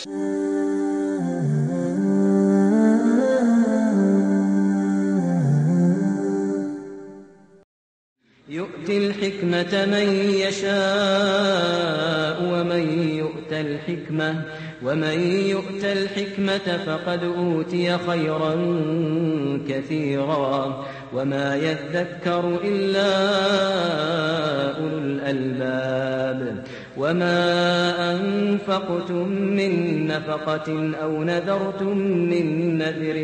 يؤتي الحكمة من يشاء ومن يؤت الحكمة ومن يؤت الحكمة فقد أوتي خيرا كثيرا وما يذكر إلا أولو الألباب وما أنفقتم من نفقة أو نذرتم من نذر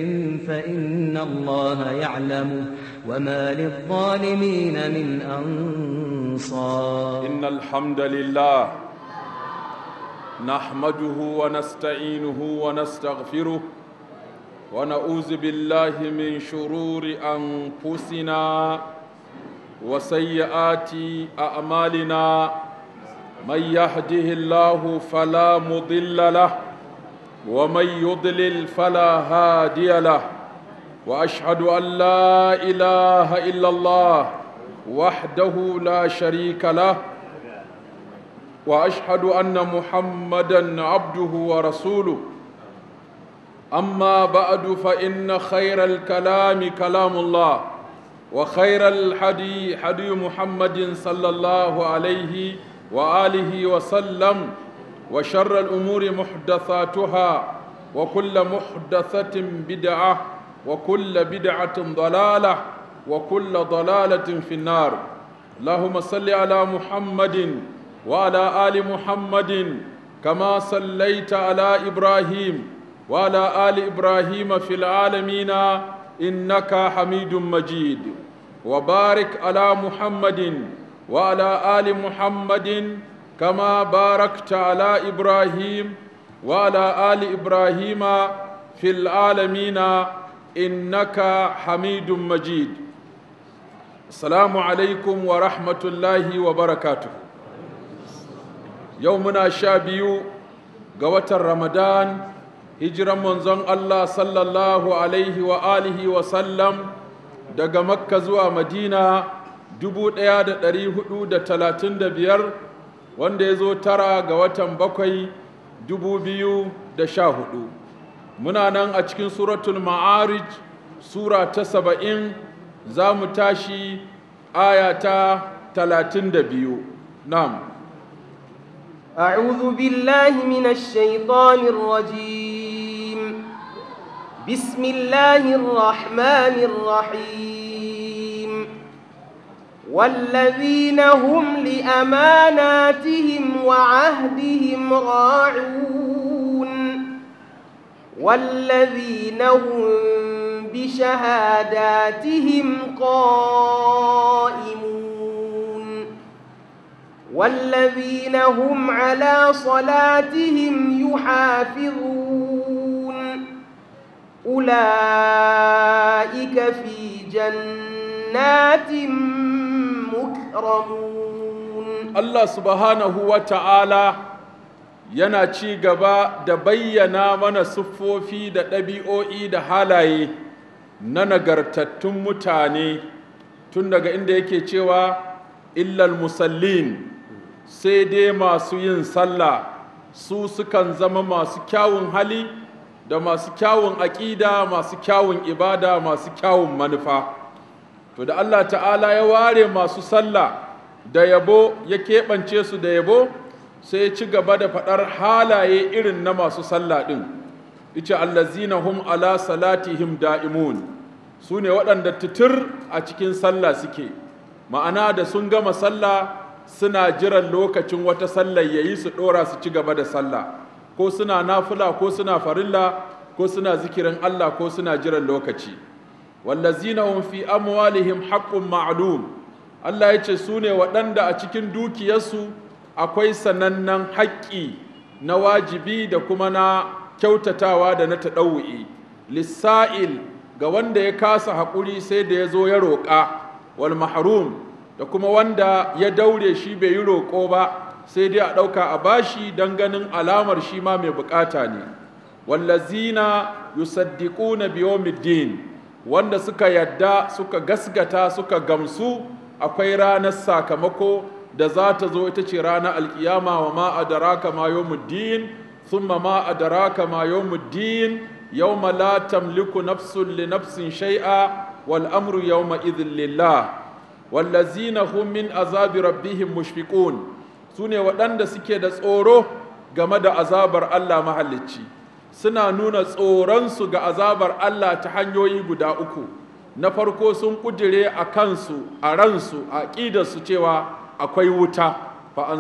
فإن الله يعلمه وما للظالمين من أنصار إن الحمد لله نحمده ونستعينه ونستغفره ونعوذ بالله من شرور أنفسنا وسيئات أعمالنا من يهده الله فلا مضل له ومن يضلل فلا هادي له واشهد ان لا اله الا الله وحده لا شريك له واشهد ان محمدا عبده ورسوله اما بعد فان خير الكلام كلام الله وخير الحديث حدي محمد صلى الله عليه وآله وسلم وشر الأمور محدثاتها وكل محدثة بدعة وكل بدعة ضلالة وكل ضلالة في النار اللهم صل على محمد وعلى آل محمد كما صليت على إبراهيم وعلى آل إبراهيم في العالمين إنك حميد مجيد وبارك على محمد وعلى آل محمد كما باركت على إبراهيم وعلى آل إبراهيم في العالمين إنك حميد مجيد السلام عليكم ورحمة الله وبركاته يومنا شابيو قوة رمضان هجر منزون الله صلى الله عليه وآله وسلم دقى مكة زوى مدينة 1435 wanda ya zo tara ga watan bakwai 2014 muna nan a cikin suratul ma'arij sura ta saba'in za mu tashi aya ta 32 na'am أعوذ بالله من الشيطان الرجيم بسم الله الرحمن الرحيم والذين هم لأماناتهم وعهدهم راعون والذين هم بشهاداتهم قائمون والذين هم على صلاتهم يحافظون أولئك في جنات mukramun Allah subhanahu wa ta'ala yana ci gaba da bayyana mana siffofi da ɗabi'o'i da halaye na nagartattun mutane tun daga inda yake cewa illal musallin sai dai masu yin sallah su sukan zama masu kyawun hali da masu kyawun aƙida masu kyawun ibada masu kyawun manufa to da Allah ta'ala ya ware masu sallah da yabo ya keɓance su da yabo sai ya ci gaba da faɗar halaye irin na masu sallah ɗin ita allazina hum ala salatihim da'imun su waɗanda titir a cikin sallah suke ma'ana da sun gama sallah suna jiran lokacin wata sallah yayi su ɗora su ci gaba da sallah ko suna nafila ko suna farilla ko suna zikirin Allah ko suna jiran lokaci wallazina hum fi amwalihim haqqun ma'lum Allah ya ce su ne waɗanda a cikin dukiyarsu akwai sanannen haƙƙi na wajibi da kuma na kyautatawa da na taɗawu'i lissa'il ga wanda ya kasa haƙuri sai da ya zo ya roƙa wal mahrum da kuma wanda ya daure shi bai yi roƙo ba sai dai a ɗauka a bashi don ganin alamar shi ma mai buƙata ne wallazina yusaddiquna biyawmiddin wanda suka yadda suka gasgata suka gamsu akwai ranar sakamako da za ta zo ita ce ranar alkiyama wa ma adaraka ma yawmuddin sun ma adaraka ma yawmuddin yawma la tamliku nafsun li nafsin shai'a wal amru yauma idhin lillah wallazina hum min azabi rabbihim mushfiqun ne waɗanda suke da tsoro game da azabar Allah mahalicci suna nuna tsoronsu ga azabar Allah ta hanyoyi guda uku na farko sun kudire a kansu a ransu a ƙidarsu cewa akwai wuta fa na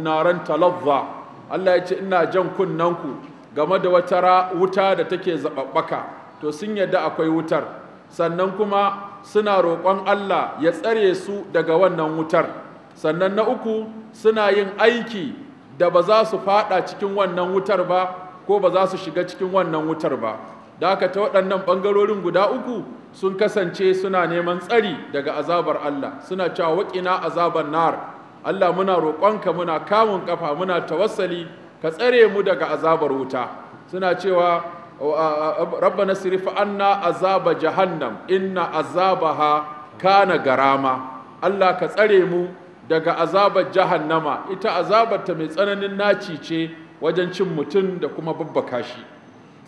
naran talabba Allah ya ce ina jan kunnanku game da wata wuta da take zaɓaɓɓaka. to sun yadda akwai wutar sannan kuma suna roƙon Allah ya tsare su daga wannan wutar sannan na uku suna yin aiki da ba za su faɗa cikin wannan wutar ba ko ba za su shiga cikin wannan wutar ba da ta waɗannan ɓangarorin guda uku sun kasance suna neman tsari daga azabar Allah suna cewa waƙina azabar nar Allah muna roƙonka muna kamun ƙafa muna tawassali ka tsare mu daga azabar wuta suna cewa rabbana sirif anna azaba jahannam inna azabaha kana garama Allah ka tsare mu daga azabar jahannama ita azabar ta mai tsananin naci ce wajen cin mutum da kuma babbaka shi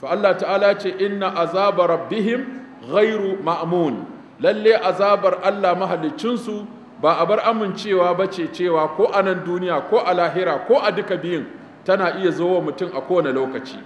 to Allah ta'ala ce inna azaba rabbihim ghairu ma'amun. lalle azabar Allah mahaliccinsu ba a bar amincewa ba ce cewa ko a nan duniya ko a lahira ko a duka biyun tana iya zo wa mutum a kowane lokaci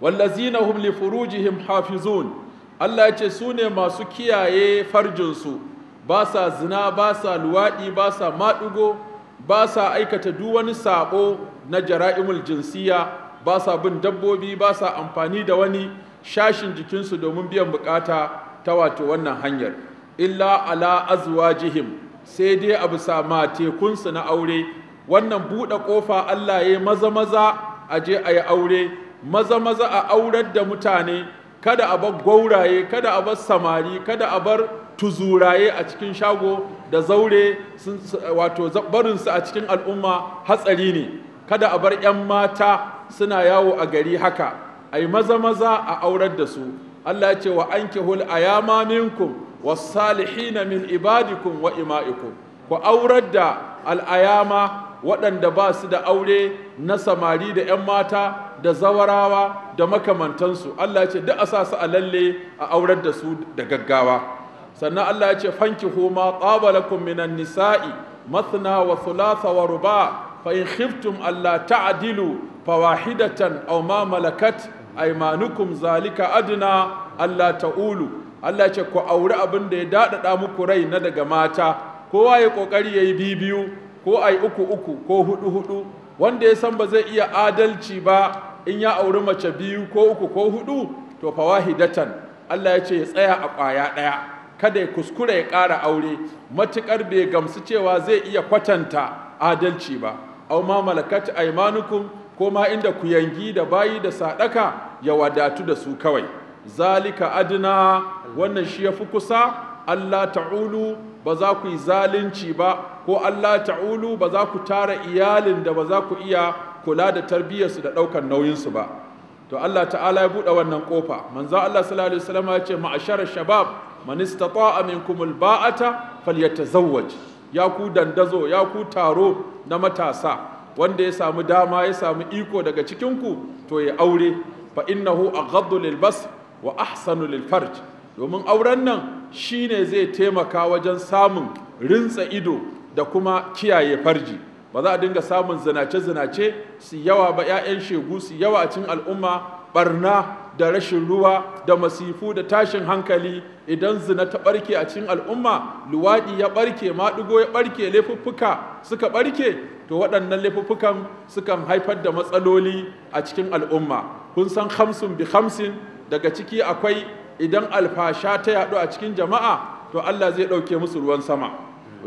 wallazina hum li furujihim hafizun Allah ya ce su ne masu kiyaye farjinsu ba sa zina ba sa luwaɗi ba sa maɗugo ba sa aikata duk wani sabo na jara'imul jinsiya ba sa bin dabbobi ba sa amfani da wani shashin jikinsu domin biyan bukata ta wato wannan hanyar illa ala azwajihim sai dai a bisa matekunsu na aure wannan buɗe ƙofa Allah ya yi maza maza a je a yi aure maza maza a aurar da mutane kada a bar gwauraye kada a bar samari kada a bar tuzuraye a cikin shago da zaure wato barinsu a cikin al'umma hatsari ne kada a bar 'yan mata suna yawo a gari haka ai maza maza a aurar da su Allah ce wa ankihul ayama minkum wasalihina min ibadikum wa ima'ikum ku aurar da al'ayama waɗanda ba su da aure na samari da 'yan mata da zawarawa da makamantansu Allah ce duk a sa a lalle a aurar da su da gaggawa sannan Allah ya ce fankihu ma taba minan nisa'i mathna wa thulatha wa ruba' khiftum alla ta'dilu fa wahidatan aw ma malakat aymanukum zalika adna alla ta'ulu Allah ya ce ku auri abin da ya daɗaɗa muku rai na daga mata kowa ya ƙoƙari yayi bibiyu ko ai uku uku ko hudu hudu wanda ya san ba zai iya adalci ba in ya auri mace biyu ko uku ko hudu to fawahidatan Allah ya ce ya tsaya a ƙwaya ɗaya kada ya kuskura ya ƙara aure matuƙar bai gamsu cewa zai iya kwatanta adalci ba au ma malakat aimanukum ko ma inda ku yangi da bayi da sadaka ya wadatu da su kawai zalika adna wannan shi ya fi kusa Allah ta'ulu ba za ku yi zalunci ba ko Allah ta'ulu ba za ku tara iyalin da ba za ku iya kula da tarbiyyarsu da ɗaukar nauyinsu ba to Allah ta'ala ya buɗe wannan ƙofa manzo Allah sallallahu alaihi wasallam ya ce ma'ashara shabab man istata'a minkum alba'ata falyatazawwaj ya ku dandazo ya ku taro na matasa wanda ya samu dama ya samu iko daga cikin ku to ya aure fa innahu aghaddu lilbas wa ahsanu lilfarj domin auren nan shine zai taimaka wajen samun rintsa ido da kuma kiyaye farji ba za a dinga samun zinace-zinace su yawa ba 'ya'yan shegu su yawa a cikin al'umma barna da rashin ruwa da masifu da tashin hankali idan zina ta barke a cikin al'umma luwaɗi ya ɓarke maɗigo ya barke laifuffuka suka barke to waɗannan laifuffukan sukan haifar da matsaloli a cikin al'umma kun san hamsin bi hamsin daga ciki akwai idan alfasha ta yaɗu a cikin jama'a to Allah zai ɗauke musu ruwan sama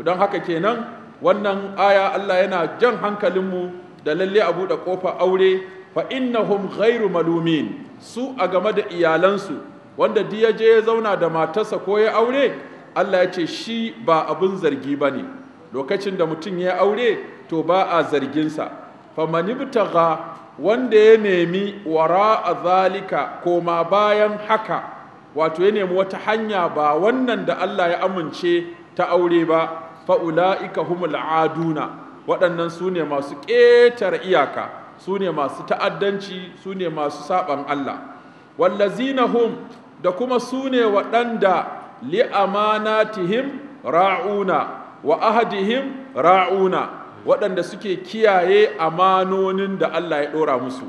don haka kenan wannan aya Allah yana jan hankalinmu da lalle a buɗe ƙofa aure fa hum ghairu malumin su a game da iyalansu wanda ya je ya zauna da matarsa ko ya aure Allah ya ce shi ba abin zargi ba ne lokacin da mutum ya aure to ba a zarginsa famanibtaga wanda ya nemi wara a zalika ma bayan haka wato ya nemi wata hanya ba wannan da Allah ya amince ta aure ba fa'ula'ika humul aduna waɗannan su ne masu ƙetare iyaka su ne masu ta'addanci su ne masu saɓan Allah wallazina hum da kuma su ne waɗanda li'amanatihim ra'una wa ahadihim ra'una waɗanda suke kiyaye amanonin da Allah ya ɗora musu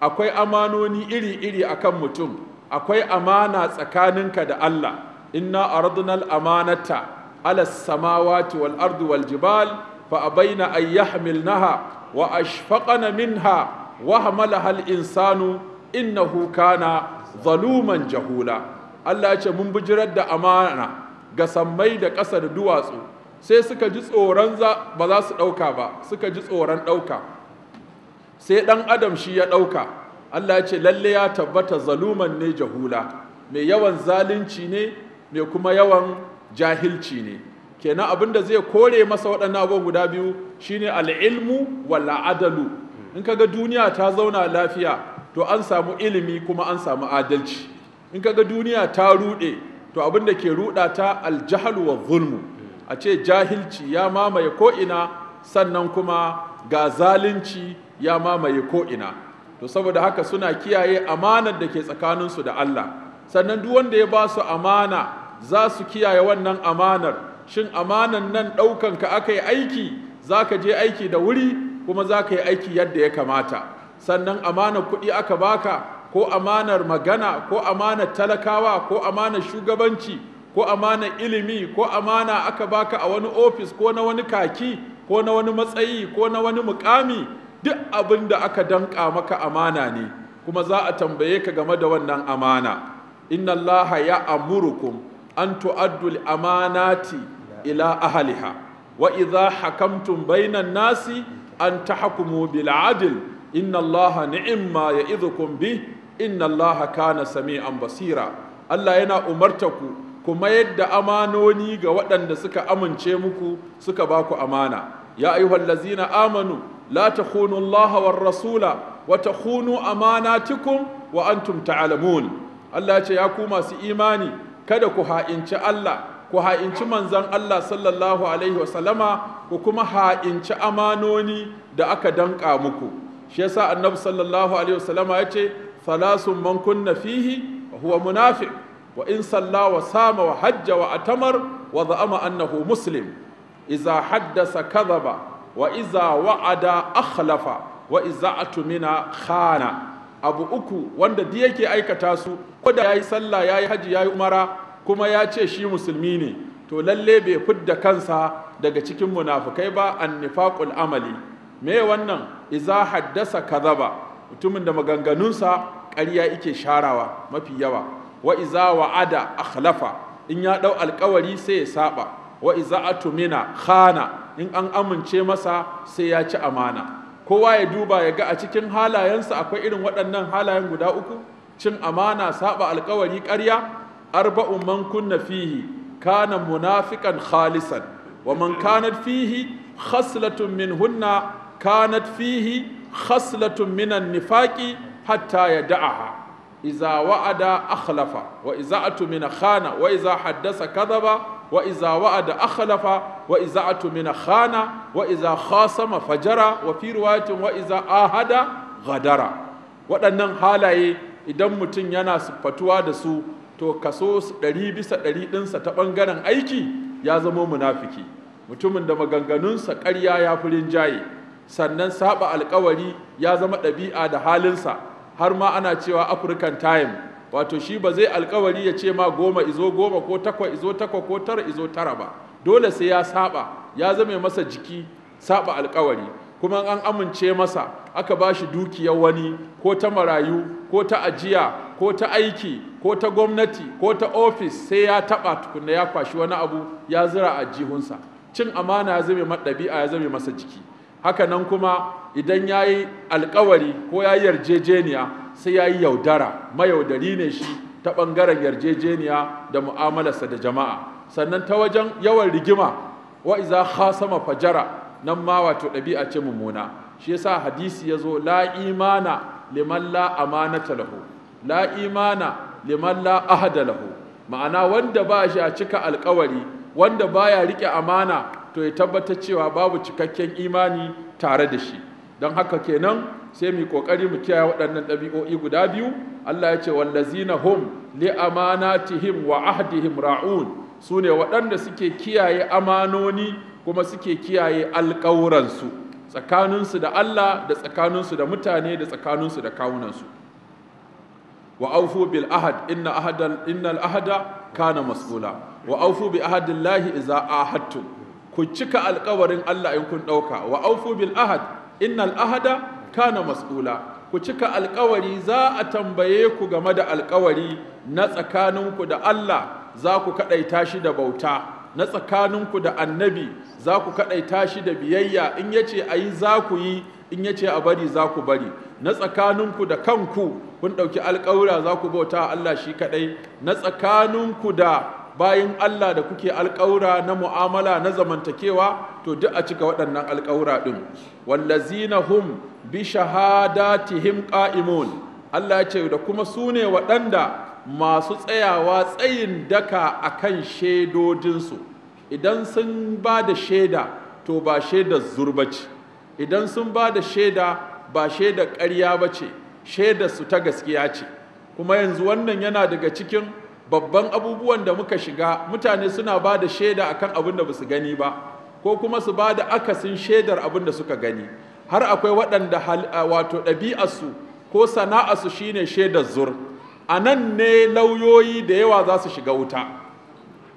akwai amanoni iri-iri akan mutum akwai amana tsakaninka da Allah inna aradunal amanata ala samawati wal ardu wal jibal fa abaina an naha. wa ashfaqana minha wa hamalaha al-insanu huka na, zaluman jahula Allah ya ce mun bijirar da amana ga sammai da ƙasa da duwatsu sai suka ji tsoron ba za su ɗauka ba suka ji tsoron ɗauka sai ɗan adam shi ya ɗauka Allah ya ce lalle ya tabbata zaluman ne jahula mai yawan zalunci ne mai kuma yawan jahilci ne kenan abin da zai kore masa waɗannan abubuwan guda biyu shine al'ilmu wala adalu in ga duniya ta zauna lafiya to an samu ilimi kuma an samu adalci in ka ga duniya ta ruɗe to abin da ke ruɗa ta aljahalu wa zulmu a ce jahilci ya mamaye ko'ina sannan kuma ga zalunci ya mamaye ko'ina to saboda haka suna kiyaye amanar da ke tsakaninsu da Allah sannan duk wanda ya ba su amana za su kiyaye wannan amanar shin amanan nan ɗaukan ka aka yi aiki za ka je aiki da wuri kuma za ka yi aiki yadda ya kamata sannan amanar kuɗi aka baka ko amanar magana ko amanar talakawa ko amanar shugabanci ko amanar ilimi ko amana aka baka a wani ofis ko na wani kaki ko na wani matsayi ko na wani mukami duk abin da aka danka maka amana ne kuma za a tambaye ka game da wannan amana inna allaha ya amurukum an tu'addul amanati ila Ahaliha. wa hakamtun hakamtum bainan nasi an tahkumu bil adl inna allaha ni'ma ya'idhukum bi inna allaha kana sami'an basira Allah yana umarta ku kuma yadda amanoni ga waɗanda suka amince muku suka ba ku amana ya ayyuhallazina amanu la takhunu allaha war rasula wa takhunu amanatikum wa antum ta'lamun Allah ce ya ku masu imani kada ku ha'inci Allah ku ha'inci manzan Allah sallallahu alaihi wasallama ku kuma ha'inci amanoni da aka danƙa muku shi yasa annabi sallallahu alaihi wasallama ya ce salasun man kunna fihi wa huwa munafiq wa in salla wa sama wa hajja wa atamar wa za'ama annahu muslim iza haddasa kadhaba wa iza wa'ada akhlafa wa iza tumina, khana abu uku wanda duk yake aikata su ko da yayi sallah yayi haji yayi umara kuma ya ce shi musulmi ne to lalle bai fidda kansa daga cikin munafukai ba annifaqul amali me wannan iza haddasa kadhaba mutumin da maganganunsa ƙarya yake sharawa mafi yawa wa iza wa'ada akhlafa in ya dau alƙawari sai ya saba wa iza atumina khana in an amince masa sai ya ci amana kowa ya duba ya ga a cikin halayensa akwai irin waɗannan halayen guda uku cin amana saba alƙawari ƙarya arba'u man kunna fihi kana munafiqan khalisan wa man kanat fihi khaslatun minhunna kanat fihi khaslatun minan nifaqi hatta yada'aha iza wa'ada akhlafa wa iza atumina khana wa iza haddasa kadhaba wa iza wa'ada akhlafa wa iza atumina khana wa iza khasama fajara wa fi riwayatin wa iza ahada ghadara waɗannan halaye idan mutum yana siffatuwa da su to kaso ɗari bisa ɗari ɗinsa ta ɓangaren aiki ya zama munafiki mutumin da maganganunsa ƙarya ya fi rinjaye sannan saba alkawari ya zama ɗabi'a da halinsa har ma ana cewa african time wato shi ba zai alkawari ya ce ma goma izo goma ko takwa izo takwa ko tara izo tara ba dole sai ya saba ya zama masa jiki saba alkawari kuma an amince masa aka ba shi dukiyar wani ko ta marayu ko ta ajiya ko ta aiki ko ta gwamnati ko ta ofis sai ya taɓa tukunna ya kwashi wani abu ya zira a jihunsa cin amana ya zame ɗabi'a ya zame masa jiki haka nan kuma idan ya yi alkawari ko ya yi yarjejeniya sai ya yi yaudara mayaudari ne shi ta ɓangaren yarjejeniya da mu'amalarsa da jama'a sannan ta wajen yawan rigima wa'iza iza khasama fajara nan ma wato ɗabi'a ce mummuna shi yasa hadisi ya zo la imana liman la amanata lahu la imana liman la ahada lahu ma'ana wanda ba shi a cika alkawari wanda baya rike amana to ya tabbatar cewa babu cikakken imani tare da shi don haka kenan sai mu kokari mu kiyaye waɗannan ɗabi'o'i guda biyu Allah ya ce wallazina hum li amanatihim wa ahdihim ra'un sune waɗanda suke kiyaye amanoni kuma suke kiyaye alƙawuransu tsakaninsu da Allah da tsakaninsu da mutane da tsakaninsu da kawunansu wa aufu bil ahad inna ahadan innal ahada kana mas'ula wa aufu bi ahadillahi idza ahadtum ku cika alƙawarin Allah in kun dauka wa aufu bil ahad innal ahada kana mas'ula ku cika alƙawari za a tambaye ku game da alƙawari na tsakaninku da Allah za ku kadaita shi da bauta na tsakaninku da annabi za ku kaɗaita shi da biyayya in ya ce a yi za ku yi in ya ce a bari za ku bari na tsakaninku da kanku kun ɗauki alƙawura za ku bauta Allah shi kaɗai na tsakaninku da bayan Allah da kuke alƙawura na mu'amala na zamantakewa to duk a cika waɗannan alƙawura ɗin wallazina hum bi shahadatihim qa'imun Allah ya ce da kuma sune waɗanda masu tsayawa tsayin daka a kan shaidodinsu idan sun ba da shaida to ba shaidar zurba ce idan sun ba da shaida ba shaidar karya ba ce su ta gaskiya ce kuma yanzu wannan yana daga cikin babban abubuwan da muka shiga mutane suna ba da shaida akan abin da ba su gani ba ko kuma su ba da akasin shaidar abin da suka gani har akwai waɗanda wato ɗabi'arsu ko sana'arsu shine shaidar zur a nan ne lauyoyi da yawa za su shiga wuta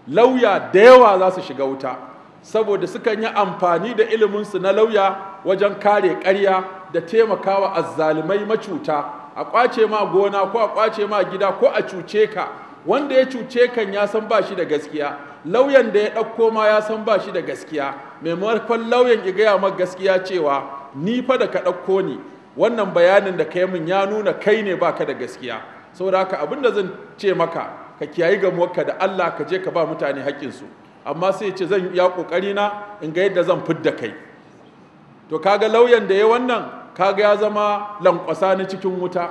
lauya da yawa za su shiga wuta saboda sukan yi amfani da iliminsu na lauya wajen kare karya da taimakawa azzalumai macuta a kwace ma gona ko a kwace ma gida ko a cuce ka wanda ya cuce kan ya san ba shi da gaskiya lauyan da ya ɗauko ma ya san ba shi da gaskiya maimakon lauyan ya gaya maka gaskiya cewa ni fa da ka ɗauko ni wannan bayanin da ka yi min ya nuna kai ne ba ka da gaskiya saboda haka abin da zan ce maka ka kiyayi ga gamuwarka da Allah ka je ka ba mutane haƙƙinsu amma sai ce zan ya ƙoƙari na in ga yadda zan fidda kai to kaga lauyan da ya wannan kaga ya zama lankwasa ni cikin wuta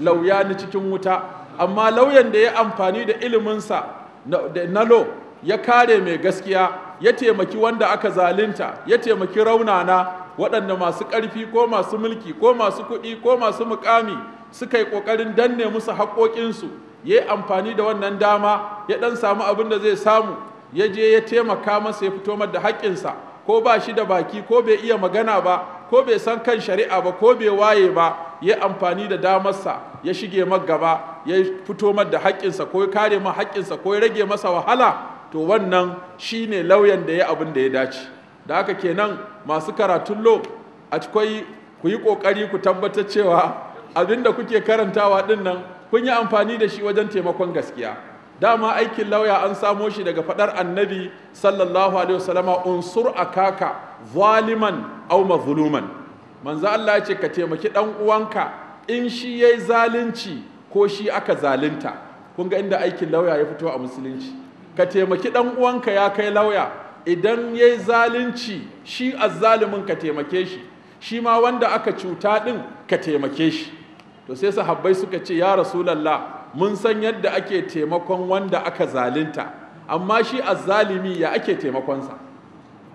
lauya ni cikin wuta amma lauyan da ya amfani da iliminsa na lo ya kare mai gaskiya ya taimaki wanda aka zalunta ya taimaki raunana waɗanda masu ƙarfi ko masu mulki ko masu kuɗi ko masu muƙami suka yi ƙoƙarin danne musu haƙoƙinsu ya yi amfani da wannan dama ya ɗan samu abin da zai samu ya je ya taimaka masa ya fito da haƙƙinsa ko ba shi da baki ko bai iya magana ba ko bai san kan shari'a ba ko bai waye ba ya amfani da damarsa ya shige gaba ya fito da haƙƙinsa ko ya kare ma haƙƙinsa ko ya rage masa wahala to wannan shi ne lauyan da ya abin da ya dace da haka kenan masu karatun lo a ku yi ƙoƙari ku tabbatar cewa Abin da kuke karantawa din nan kun yi amfani da shi wajen taimakon gaskiya dama aikin lauya an samo shi daga faɗar annabi sallallahu alaihi wasallama unsur akaka zaliman aw mazluman manzo Allah ya ce ka taimaki dan uwanka in shi yayi zalunci ko shi aka zalunta kun ga inda aikin lauya ya fito a musulunci ka taimaki dan uwanka ya kai lauya idan yayi zalunci shi azzalumin ka taimake shi shi ma wanda aka cuta din ka taimake shi to sai sahabbai suka ce ya rasulallah mun san yadda ake taimakon wanda aka zalinta amma shi azzalimi ya ake taimakonsa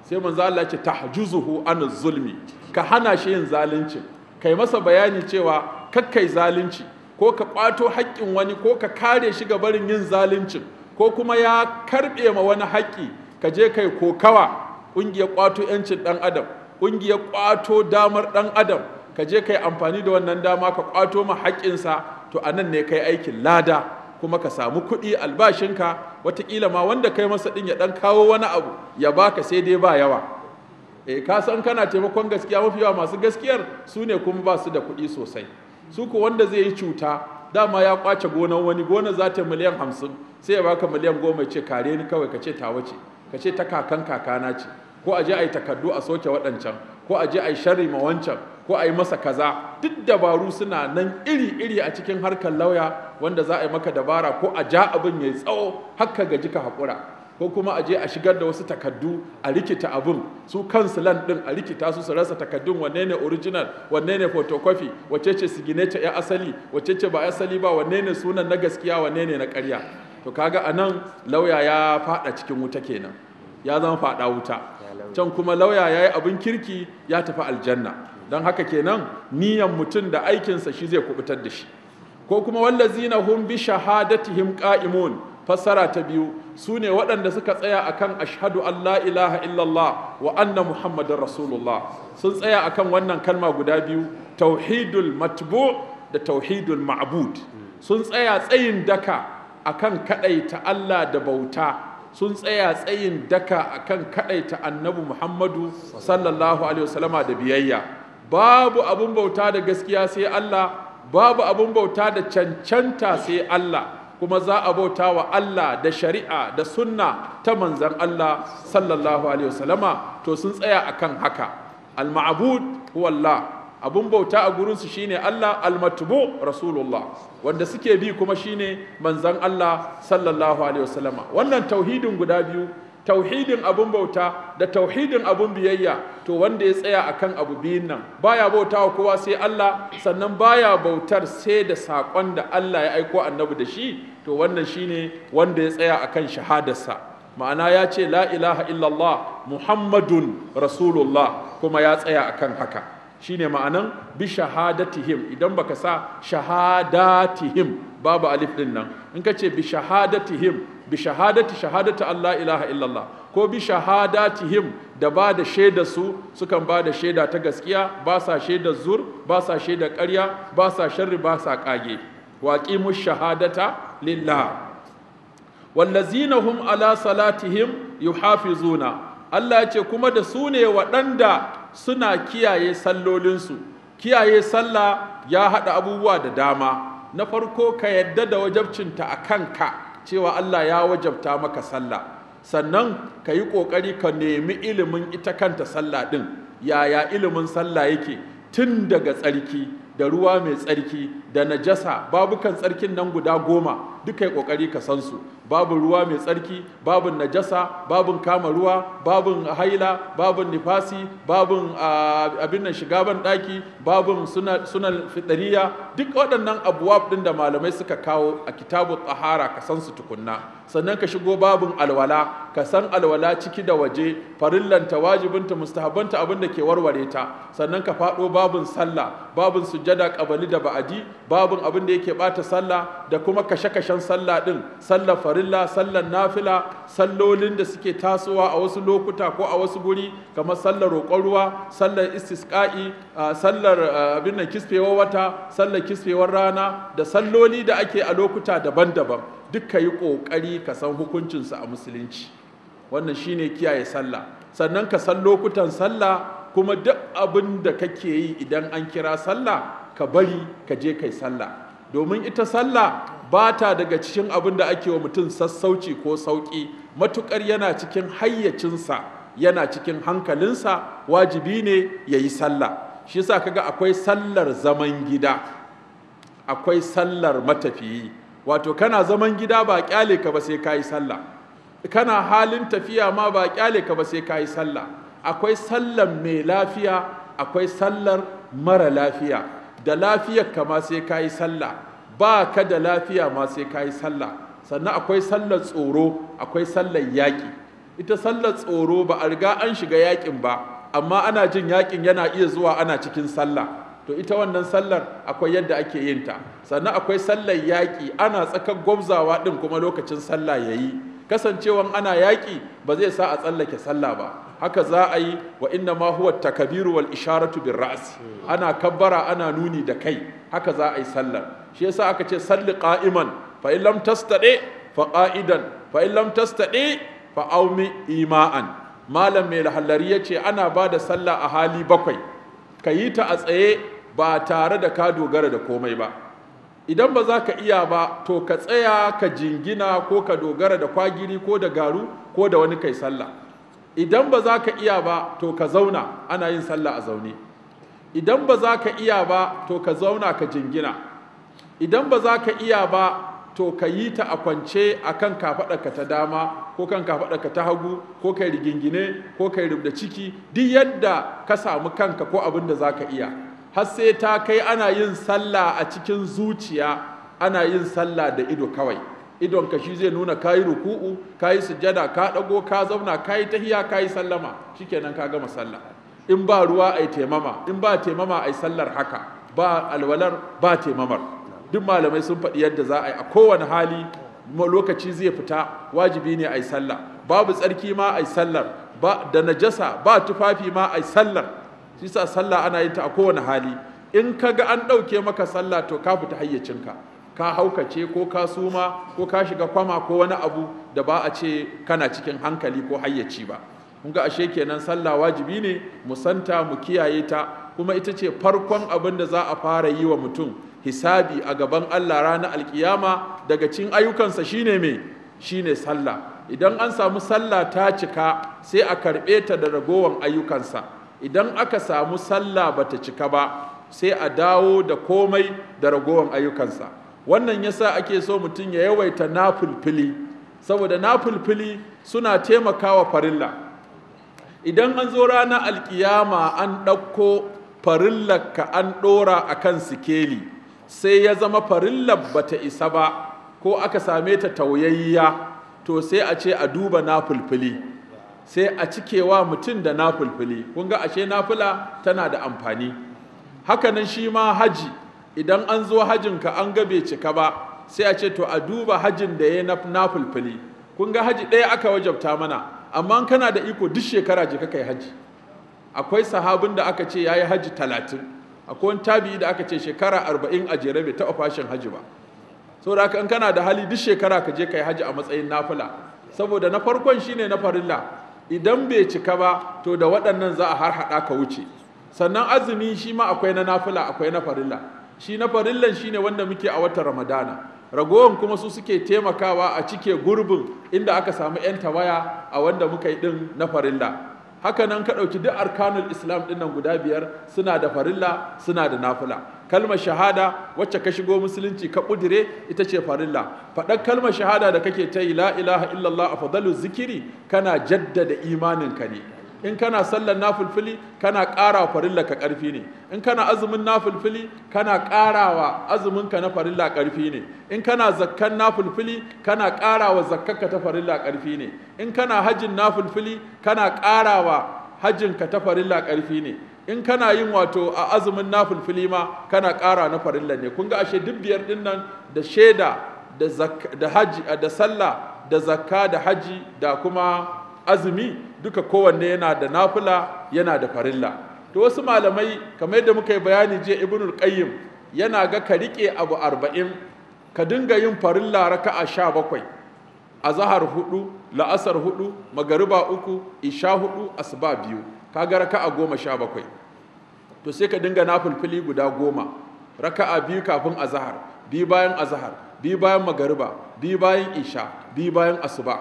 sai manzo Allah ce tahjuzuhu an zulmi ka hana shi yin zalunci kai masa bayani cewa kakkai zalunci ko ka kwato haƙƙin wani ko ka kare shi ga barin yin zaluncin ko kuma ya karɓe ma wani haƙƙi ka je kai kokawa ƙungiyar kwato 'yancin ɗan adam ƙungiyar kwato damar ɗan adam ka je kai amfani da wannan dama ka kwato ma haƙƙinsa to a nan ne kai aikin lada kuma ka samu kuɗi albashinka watakila ma wanda kai masa ɗin ya ɗan kawo wani abu ya baka sai dai ba yawa e ka san kana taimakon gaskiya mafi yawa masu gaskiyar su ne kuma ba su da kuɗi sosai su ko wanda zai yi cuta dama ya kwace gonar wani gonar za ta miliyan hamsin sai ya baka miliyan goma ce kare ni kawai ka ce tawa ce ka ce ta kakan kakana ce ko a je a yi takardu a soke waɗancan ko a je a yi sharri ma wancan ko a yi masa kaza duk dabaru suna nan iri-iri a cikin harkar lauya wanda za a yi maka dabara ko a ja abin ya tsawo hakka ga jika haƙura ko kuma a je a shigar da wasu takaddu a rikita abin su kansilan ɗin a rikita su su rasa takaddun wanne ne original wanne ne photocopy wacce ce signature ya asali wacce ce ba asali ba wanne ne sunan na gaskiya wanne ne na ƙarya to kaga a nan lauya ya faɗa cikin wuta kenan ya zama faɗa wuta can kuma lauya ya yi abin kirki ya tafi aljanna don haka kenan niyan mutum da aikinsa shi zai kubutar da shi ko kuma wallazina hun bi shahadatihim ka'imun fassara ta biyu su ne waɗanda suka tsaya akan ashhadu ashadu Allah, ilaha illallah wa anna muhammadar rasulullah sun tsaya akan wannan kalma guda biyu tauhidul matbu da tauhidul ma'bud sun tsaya tsayin daka akan ta Allah da bauta sun tsaya tsayin daka akan ta annabi Muhammadu sallallahu alaihi wasallama da biyayya babu abun bauta da gaskiya sai Allah babu abun bauta da cancanta sai Allah kuma za a bauta wa Allah da shari'a da sunna ta manzan Allah sallallahu alaihi wasallama to sun tsaya akan haka al-ma'bud huwa Allah abun bauta a gurinsu shine Allah al-matbu rasulullah wanda suke bi kuma shine manzan Allah sallallahu alaihi wasallama wannan tauhidin guda biyu tauhidin abun bauta da tauhidin abun biyayya to wanda ya tsaya akan abu biyun nan baya bauta wa kowa sai Allah sannan baya bautar sai da saƙon da Allah ya aiko annabi da shi to wannan shi ne wanda ya tsaya akan shahadarsa ma'ana ya ce la ilaha illallah muhammadun rasulullah kuma ya tsaya akan haka Shi ne ma'anan bi shahadatihim idan baka sa shahadatihim babu alif din nan in ka ce bi shahadatihim bi shahadati shahadati Allah ilaha illallah ko bi shahadatihim da ba da shaida su sukan ba da shaida ta gaskiya ba sa shaida zur ba sa shaida ƙarya ba sa sharri ba sa ƙage waqimu shahadata lillah wallazina hum ala salatihim yuhafizuna Allah ce kuma da su ne waɗanda suna kiyaye sallolinsu kiyaye sallah ya haɗa abubuwa da dama na farko ka yadda da wajabcinta a ka. cewa Allah ya wajabta maka sallah sannan ka yi ƙoƙari ka nemi ilimin ita kanta sallah ɗin yaya ilimin sallah yake tun daga tsarki da ruwa mai tsarki da najasa babukan tsarkin nan guda goma duka yi kokari ka san su babu ruwa mai tsarki babu najasa babu kama ruwa babu haila babu nifasi babu abin nan shiga ban daki babu sunan fitariya duk waɗannan abuwab din da malamai suka kawo a kitabu tsahara ka san su tukunna sannan ka shigo babun alwala ka san alwala ciki da waje farillanta wajibinta mustahabanta abin da ke warware ta sannan ka faɗo babun sallah babun sujada kabali da ba'adi babun abin da yake bata sallah da kuma kashe-kashen nau'ikan sallah ɗin sallar farilla sallar nafila sallolin da suke tasowa a wasu lokuta ko a wasu guri kamar sallar roƙon ruwa sallar istisqa'i sallar abin kisfewar wata sallar kisfewar rana da salloli da ake a lokuta daban-daban duka yi ƙoƙari ka san hukuncinsu a musulunci wannan shine kiyaye sallah sannan ka san lokutan sallah kuma duk abin da kake yi idan an kira sallah ka bari ka je kai sallah domin ita sallah ba ta daga cikin abin da ake wa mutum sassauci ko sauƙi matuƙar yana cikin hayyacinsa yana cikin hankalinsa wajibi ne ya yi sallah shi yasa kaga akwai sallar zaman gida akwai sallar matafiyi wato kana zaman gida ba kyale ka ba sai ka yi sallah kana halin tafiya ma ba kyale ka ba sai ka yi sallah akwai sallar mai lafiya akwai sallar mara lafiya da lafiyar ka ma sai ka yi sallah ba ka da lafiya ma sai ka yi sallah sannan akwai sallar tsoro akwai sallar yaƙi ita sallar tsoro ba a riga an shiga yaƙin ba amma ana jin yaƙin yana iya zuwa ana cikin sallah to ita wannan sallar akwai yadda ake yin ta sannan akwai sallar yaƙi ana tsakar gwabzawa ɗin kuma lokacin sallah ya yi kasancewan ana yaƙi ba zai sa a tsallake sallah ba haka za a yi wa inna ma huwa takabiru wal isharatu bir ra'si ana kabbara ana nuni da kai haka za a yi sallar shi yasa aka ce salli qa'iman fa in lam tastadi fa qa'idan fa in lam fa aumi ima'an malam mai lahallari yace ana bada da sallah a hali bakwai ka yi ta a tsaye ba tare da ka dogara da komai ba idan ba za ka iya ba to ka tsaya ka jingina ko ka dogara da kwagiri ko da garu ko da wani kai sallah idan ba za ka iya ba to ka zauna ana yin sallah a zaune idan ba za ka iya ba to ka zauna ka jingina idan ba za ka iya ba to ka yi ta a kwance a kan kafaɗarka ta dama ko kan kafaɗarka ta hagu ko kai rigingine ko kai rubda ciki duk yadda ka samu kanka ko abin da za ka iya har sai ta kai ana yin sallah a cikin zuciya ana yin sallah da ido kawai idon ka shi zai nuna kayi ruku'u kayi sujada, ka ɗago ka zauna kayi tahiya kayi sallama shikenan ka gama sallah in ba ruwa ai taimama in ba taimama ai sallar haka ba alwalar ba taimamar duk malamai sun faɗi yadda za a yi a kowane hali lokaci zai fita wajibi ne a yi sallah babu tsarki ma a yi sallar ba da najasa ba tufafi ma a yi sallar shi sa sallah ana yin ta a kowane hali in ka ga an ɗauke maka sallah to ka fita hayyacinka ka haukace ko ka suma ko ka shiga kwama ko wani abu da ba a ce kana cikin hankali ko hayyaci ba kun ga ashe kenan sallah wajibi ne mu santa mu kiyaye ta kuma ita ce farkon abin da za a fara yi wa mutum hisabi a gaban Allah ranar alkiyama daga cin ayyukansa shine mai shine sallah idan an samu sallah ta cika sai a karɓe ta da ragowan ayyukansa idan aka samu sallah ta cika ba sai a dawo da komai da ragowan ayyukansa wannan yasa ake so mutum ya yawaita nafulfili saboda nafulfili suna taimakawa farilla idan an zo rana alkiyama an ɗauko farillarka an ɗora a kan sikeli sai ya zama farin farillar ta isa ba ko aka same ta tauyayya to sai a ce a duba nafulfuli sai a cikewa mutum da na kun ga ashe nafula tana da amfani hakanan shi ma haji idan an zo hajinka an ga bai cika ba sai a ce to a duba hajin da ya na kun ga haji ɗaya aka wajabta mana amma kana da iko duk shekara je ka kai haji akwai sahabin da aka ce ya yi haji talatin akwai wani tabi'i da aka ce shekara arba'in a jere bai taɓa fashin haji ba saboda haka in kana da hali duk shekara ka je ka yi haji a matsayin nafila saboda na farkon shine na farilla idan bai cika ba to da waɗannan za a har haɗa ka wuce sannan azumi shi ma akwai na nafila akwai na farilla shi na farillan shine wanda muke a watan ramadana ragowan kuma su suke taimakawa a cike gurbin inda aka samu 'yan tawaya a wanda muka yi ɗin na farilla haka nan ka ɗauki duk arkanul islam ɗin nan guda biyar suna da farilla suna da nafila kalmar shahada wacce ka shigo musulunci ka ƙudire ita ce farilla faɗar kalmar shahada da kake ta yi la ilaha illallah a fadalu zikiri kana jaddada imaninka ne in kana sallar nafulfili kana ƙara wa farilla ka ƙarfi ne in kana azumin nafulfili kana ƙara wa azuminka na farilla ƙarfi ne in kana zakkan nafulfili kana ƙara wa zakkanka ta farilla ƙarfi ne in kana hajjin nafulfili kana ƙara wa hajjinka ta farilla ƙarfi ne in kana yin wato a azumin nafulfili ma kana ƙara na farilla ne kun ga ashe duk biyar ɗin nan da shaida da da da sallah da zakka da haji da kuma azumi duka kowanne yana da nafila yana da farilla to wasu malamai kamar yadda muka yi bayani jiya ibnul qayyim yana ga ka rike abu arba'in ka dinga yin farilla raka'a sha bakwai a zahar hudu la'asar hudu magariba uku isha hudu asuba biyu ka kaga raka'a goma sha bakwai to sai ka dinga nafilfili guda goma raka'a biyu kafin azahar biyu bayan azahar biyu bayan magariba biyu bayan isha biyu bayan asuba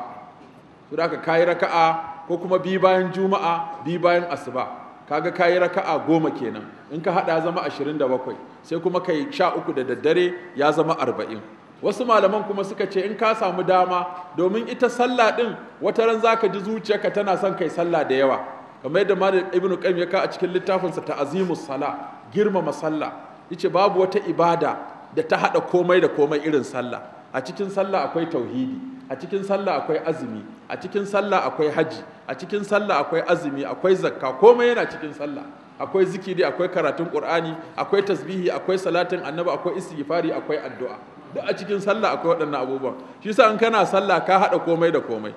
to da ka kayi raka'a ko kuma bi bayan juma'a bi bayan asuba kaga kayi raka'a goma kenan in ka hada zama ashirin da bakwai, sai kuma kai sha uku da daddare ya zama arba'in. wasu malaman kuma suka ce in ka samu dama domin ita sallah din wata ran zaka ji zuciyarka tana son kai sallah da yawa kamar yadda malam ibnu qayyim ya ka a cikin littafinsa ta'azimu sala girmama sallah yace babu wata ibada da ta hada komai da komai irin sallah a cikin sallah akwai tauhidi a cikin sallah akwai azumi a cikin sallah akwai haji a cikin sallah akwai azumi akwai zakka komai yana cikin sallah akwai zikiri akwai karatun qur'ani akwai tasbihi akwai salatin annabi akwai istighfari akwai addu'a duk a cikin sallah akwai waɗannan abubuwan shi yasa in kana sallah ka haɗa komai da komai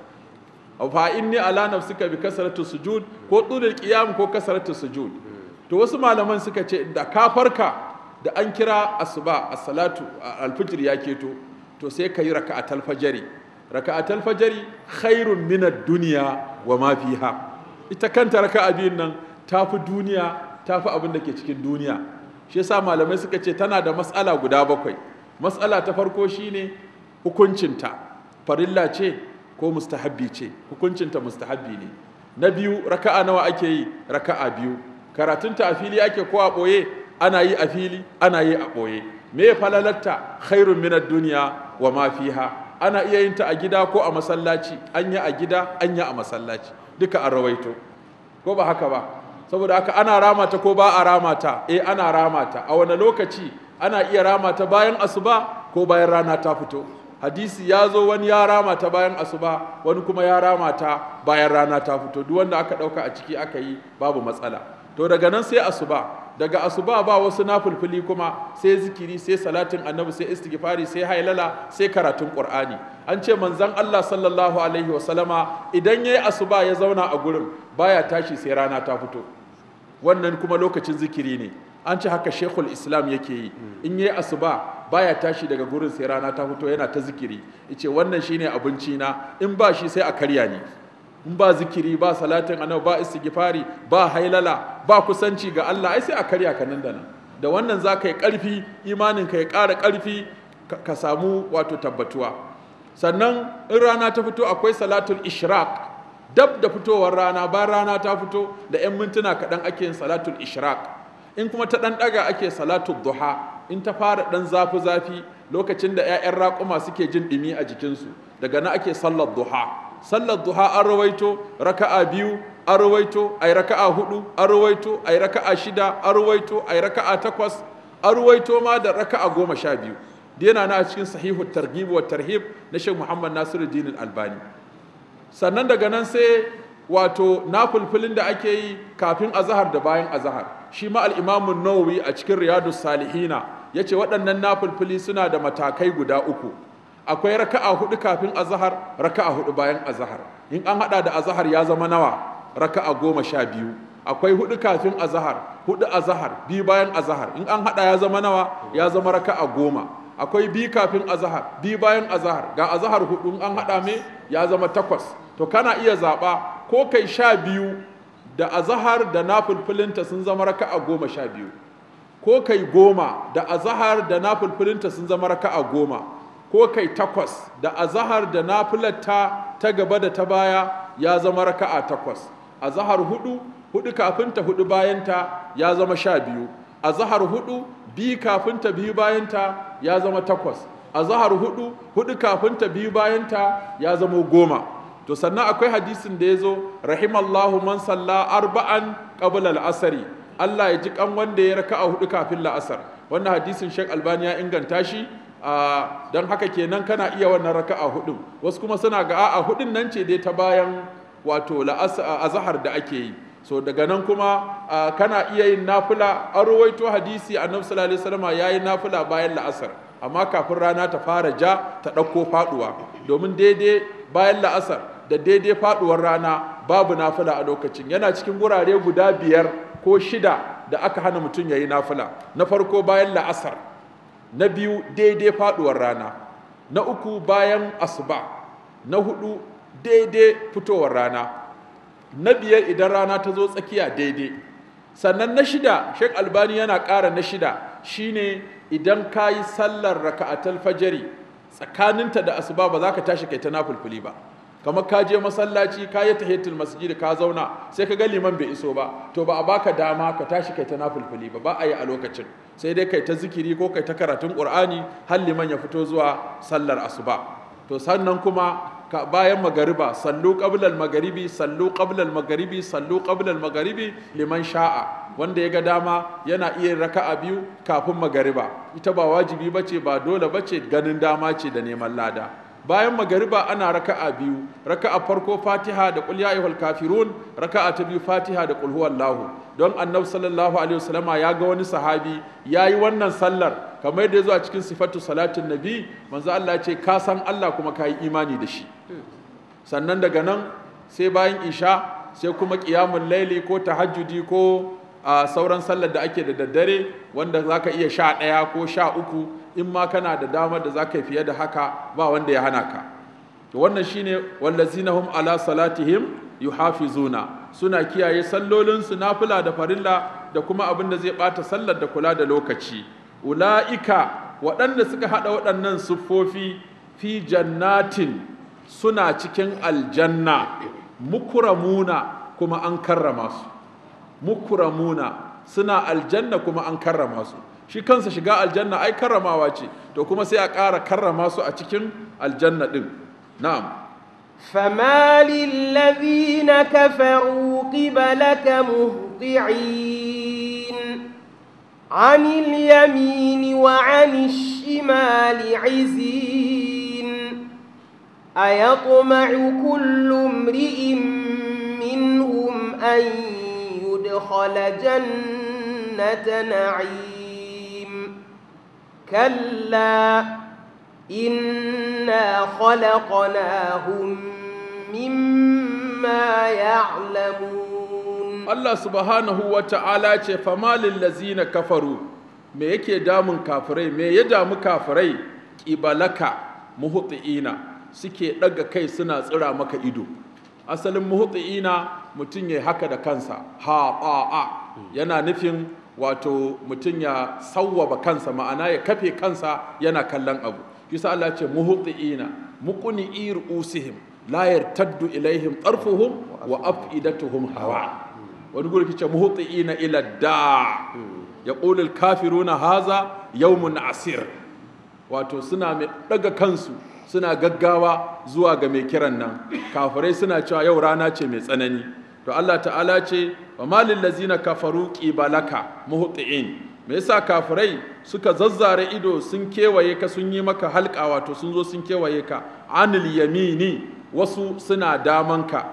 fa inni ala nafsika bi kasratu sujud ko tudul qiyam ko kasratu sujud to wasu malaman suka ce da ka da an kira asuba as-salatu al-fajr ya keto to sai ka yi raka'atul fajr al-fajr khairun ad dunya wa ma fiha ita kanta raka'a biyun nan tafi duniya tafi abin da ke cikin duniya shi yasa malamai suka ce tana da matsala guda bakwai matsala ta farko shine hukuncinta farilla ce ko mustahabbi ce hukuncinta mustahabbi ne na biyu raka'a nawa ake yi raka'a biyu karatunta a fili ake ko a ɓoye ana yi a fili ana yi a boye me falalarta khairun ad duniya wa ma fiha ana iya yin ta a gida ko a masallaci an yi a gida an yi a masallaci duka an rawaito ko ba haka ba saboda haka ana ramata ko ba a ramata, e, eh, ana ramata. a wani lokaci ana iya ramata bayan asuba ko bayan rana ta fito hadisi ya zo wani ya ramata bayan asuba wani kuma ya ramata bayan rana ta fito duk wanda aka ɗauka a ciki aka yi babu matsala to daga nan sai asuba daga asuba ba wasu nafulfuli kuma sai zikiri sai salatin annabi sai istighfari sai hailala sai karatun qur'ani an ce manzon Allah sallallahu alaihi sallama idan yayi asuba ya zauna a gurin baya tashi sai rana ta fito wannan kuma lokacin zikiri ne an ce haka shekul islam yake yi in yayi asuba baya tashi daga gurin sai rana ta fito yana ta zikiri yace wannan shine abinci na in ba shi sai a karya ni in ba zikiri ba salatin ana ba istighfari ba hailala ba kusanci ga Allah ai sai a karya ka nan da nan da wannan za ka yi ƙarfi imanin ka ya ƙara ƙarfi ka samu wato tabbatuwa sannan in rana ta fito akwai salatul ishraq dab da fitowar rana ba rana ta fito da 'yan mintuna kaɗan ake yin salatul ishraq in kuma ta ɗan ɗaga ake salatul duha in ta fara ɗan zafi-zafi lokacin da 'ya'yan raƙuma suke jin ɗumi a jikinsu daga nan ake sallar duha sallar duha an rawaito raka'a biyu an rawaito ai raka'a hudu an rawaito ai raka'a shida an rawaito ai raka'a takwas an rawaito ma da raka'a goma sha biyu yana na a cikin sahihu targhib wa tarhib na Sheikh Muhammad Nasiruddin Albani sannan daga nan sai wato nafulfulin da ake yi kafin azahar da bayan azahar shi ma al-Imam an a cikin Riyadus Salihina yace waɗannan nafulfuli suna da matakai guda uku akwai raka'a hudu kafin azahar raka'a hudu bayan azahar in an hada da azahar ya zama nawa raka'a goma sha biyu akwai hudu kafin azahar hudu azahar bi bayan azahar in an hada ya zama nawa ya zama raka'a goma akwai bi kafin azahar bi bayan azahar ga azahar hudu in an hada me ya zama takwas to kana iya zaba ko kai sha biyu da azahar da nafulfulinta sun zama raka'a goma sha biyu ko kai goma da azahar da nafulfulinta sun zama raka'a goma ko kai takwas da azahar da nafilarta ta gaba da ta baya ya zama raka'a takwas azahar hudu hudu kafinta hudu bayanta ya zama sha biyu azahar hudu biyu kafinta biyu bayanta ya zama takwas azahar hudu hudu kafinta biyu bayanta ya zama goma to sannan akwai hadisin da ya zo rahimallahu man salla arba'an qabla al-asri Allah ya ji kan wanda ya raka'a hudu kafin la'asar wannan hadisin Sheikh Albani ya inganta shi don haka kenan kana iya wannan raka'a hudun wasu kuma suna ga a'a hudun nan ce dai ta bayan wato azahar da ake yi so daga nan kuma kana iya yin nafila an rawaito hadisi annabi sallallahu alaihi wasallam yayi nafila bayan la'asar amma kafin rana ta fara ja ta ɗauko faduwa domin daidai bayan la'asar da daidai faduwar rana babu nafila a lokacin yana cikin gurare guda biyar ko shida da aka hana mutum yayi nafila na farko bayan la'asar na biyu daidai faduwar rana na uku bayan asuba na hudu daidai fitowar rana na biyar idan rana ta zo tsakiya daidai sannan na shida sheik albani yana ƙara na shida shine idan ka yi sallar raka'atul fajari tsakaninta da asuba ba za ka tashi kai ta nafulfuli ba kamar ka je masallaci ka yi tahiyatul masjid ka zauna sai ka ga liman bai iso ba to ba a baka dama ka tashi kai ta nafulfuli ba ba a yi a lokacin sai dai kai ta zikiri ko kai ta karatun ƙur'ani har liman ya fito zuwa sallar asuba to sannan kuma bayan magariba sallu qablal magaribi sallu qablal magaribi sallu qablal magaribi liman sha'a wanda ya ga dama yana iya raka'a biyu kafin magariba ita ba wajibi bace ba dole bace ganin dama ce da neman lada bayan magariba ana raka'a biyu raka'a farko fatiha da qul ya ayyuhal kafirun raka'a ta biyu fatiha da qul huwallahu don annabi sallallahu alaihi ya ga wani sahabi yayi wannan sallar kamar yadda a cikin sifatu salatin nabi manzo Allah ya ce ka san Allah kuma ka yi imani da shi sannan daga nan sai bayan isha sai kuma qiyamul laili ko tahajjudi ko a sauran sallar da ake da daddare wanda zaka iya sha ɗaya ko sha uku in ma kana da dama da za ka yi fiye da haka ba wanda ya hana ka wannan shine wallazina hum ala salatihim yuhafizuna suna kiyaye sallolinsu fula da farilla da kuma abin da zai bata sallar da kula da lokaci ula'ika waɗanda suka haɗa waɗannan siffofi fi jannatin suna cikin aljanna mukuramuna kuma an karrama su mukuramuna suna aljanna kuma an karrama su shi kansa shiga aljanna ai karramawa ce to kuma sai a ƙara karrama su a cikin aljanna ɗin na'am famali lalazi na kafa ruƙi balaka muhdi'in anil yamini wa anishimali izin a ya kuma kullum ri'in minhum an yi yi da na'im كلا إنا خلقناهم مما يعلمون الله سبحانه وتعالى ce famalin lazina kafaru me yake damun kafirai me ya damu kafirai ƙibalaka muhuɗi'ina suke ɗaga kai suna tsira maka ido asalin muhuɗi'ina mutum ya haka da kansa ha a yana nufin wato mutum ya sawwaba kansa ma'ana ya kafe kansa yana kallon abu yasa Allah ce muhtiina muquni ru'usihim la yartaddu ilaihim tarfuhum wa afidatuhum hawa wani guri kice muhtiina ila da yaqulu al-kafiruna haza yawmun asir wato suna mai daga kansu suna gaggawa zuwa ga mai kiran nan kafirai suna cewa yau rana ce mai tsanani to Allah ta'ala ce wa malil lazina kafaru qibalaka muhti'in me yasa kafurai suka zazzare ido sun kewaye ka sun yi maka halka wato sun zo sun kewaye ka anil yamini wasu suna damanka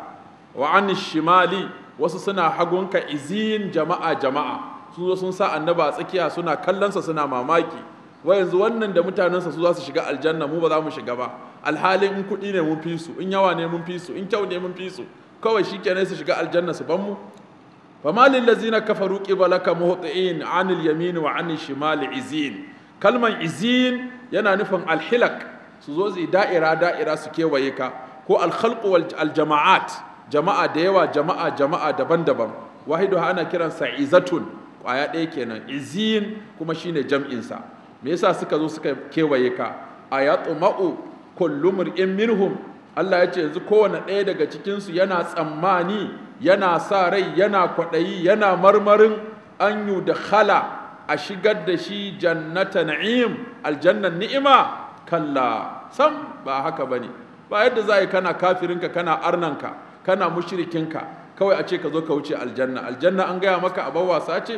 wa anil shimali wasu suna hagunka izin jama'a jama'a sun zo sun sa annaba a tsakiya suna kallonsa suna mamaki wa yanzu wannan da mutanensa su za su shiga aljanna mu ba za mu shiga ba alhalin in kuɗi ne mun fi su in yawa ne mun fi su in kyau ne mun fi su kawai shi kenan su shiga aljanna su ban mu fa malil ladzina kafaru qibalaka muhtiin anil yamin wa anil shimal izin kalman izin yana nufin alhilak su zo zai da'ira da'ira su kewaye ka ko alkhalqu aljama'at jama'a da yawa jama'a jama'a daban-daban wahidu ana kiransa izatun kwaya ɗaya kenan izin kuma shine jam'insa me yasa suka zo suka kewaye ka ayatu ma'u kullu mur'in minhum Allah ya ce yanzu kowane ɗaya daga cikinsu yana tsammani yana sa rai yana kwaɗayi yana marmarin an yu da khala a shigar da shi jannata na'im aljannan ni'ima kalla sam ba haka ba ne ba yadda za a yi kana kafirinka kana arnanka kana mushrikinka kawai a ce ka zo ka wuce aljanna aljanna an gaya maka a wasa ce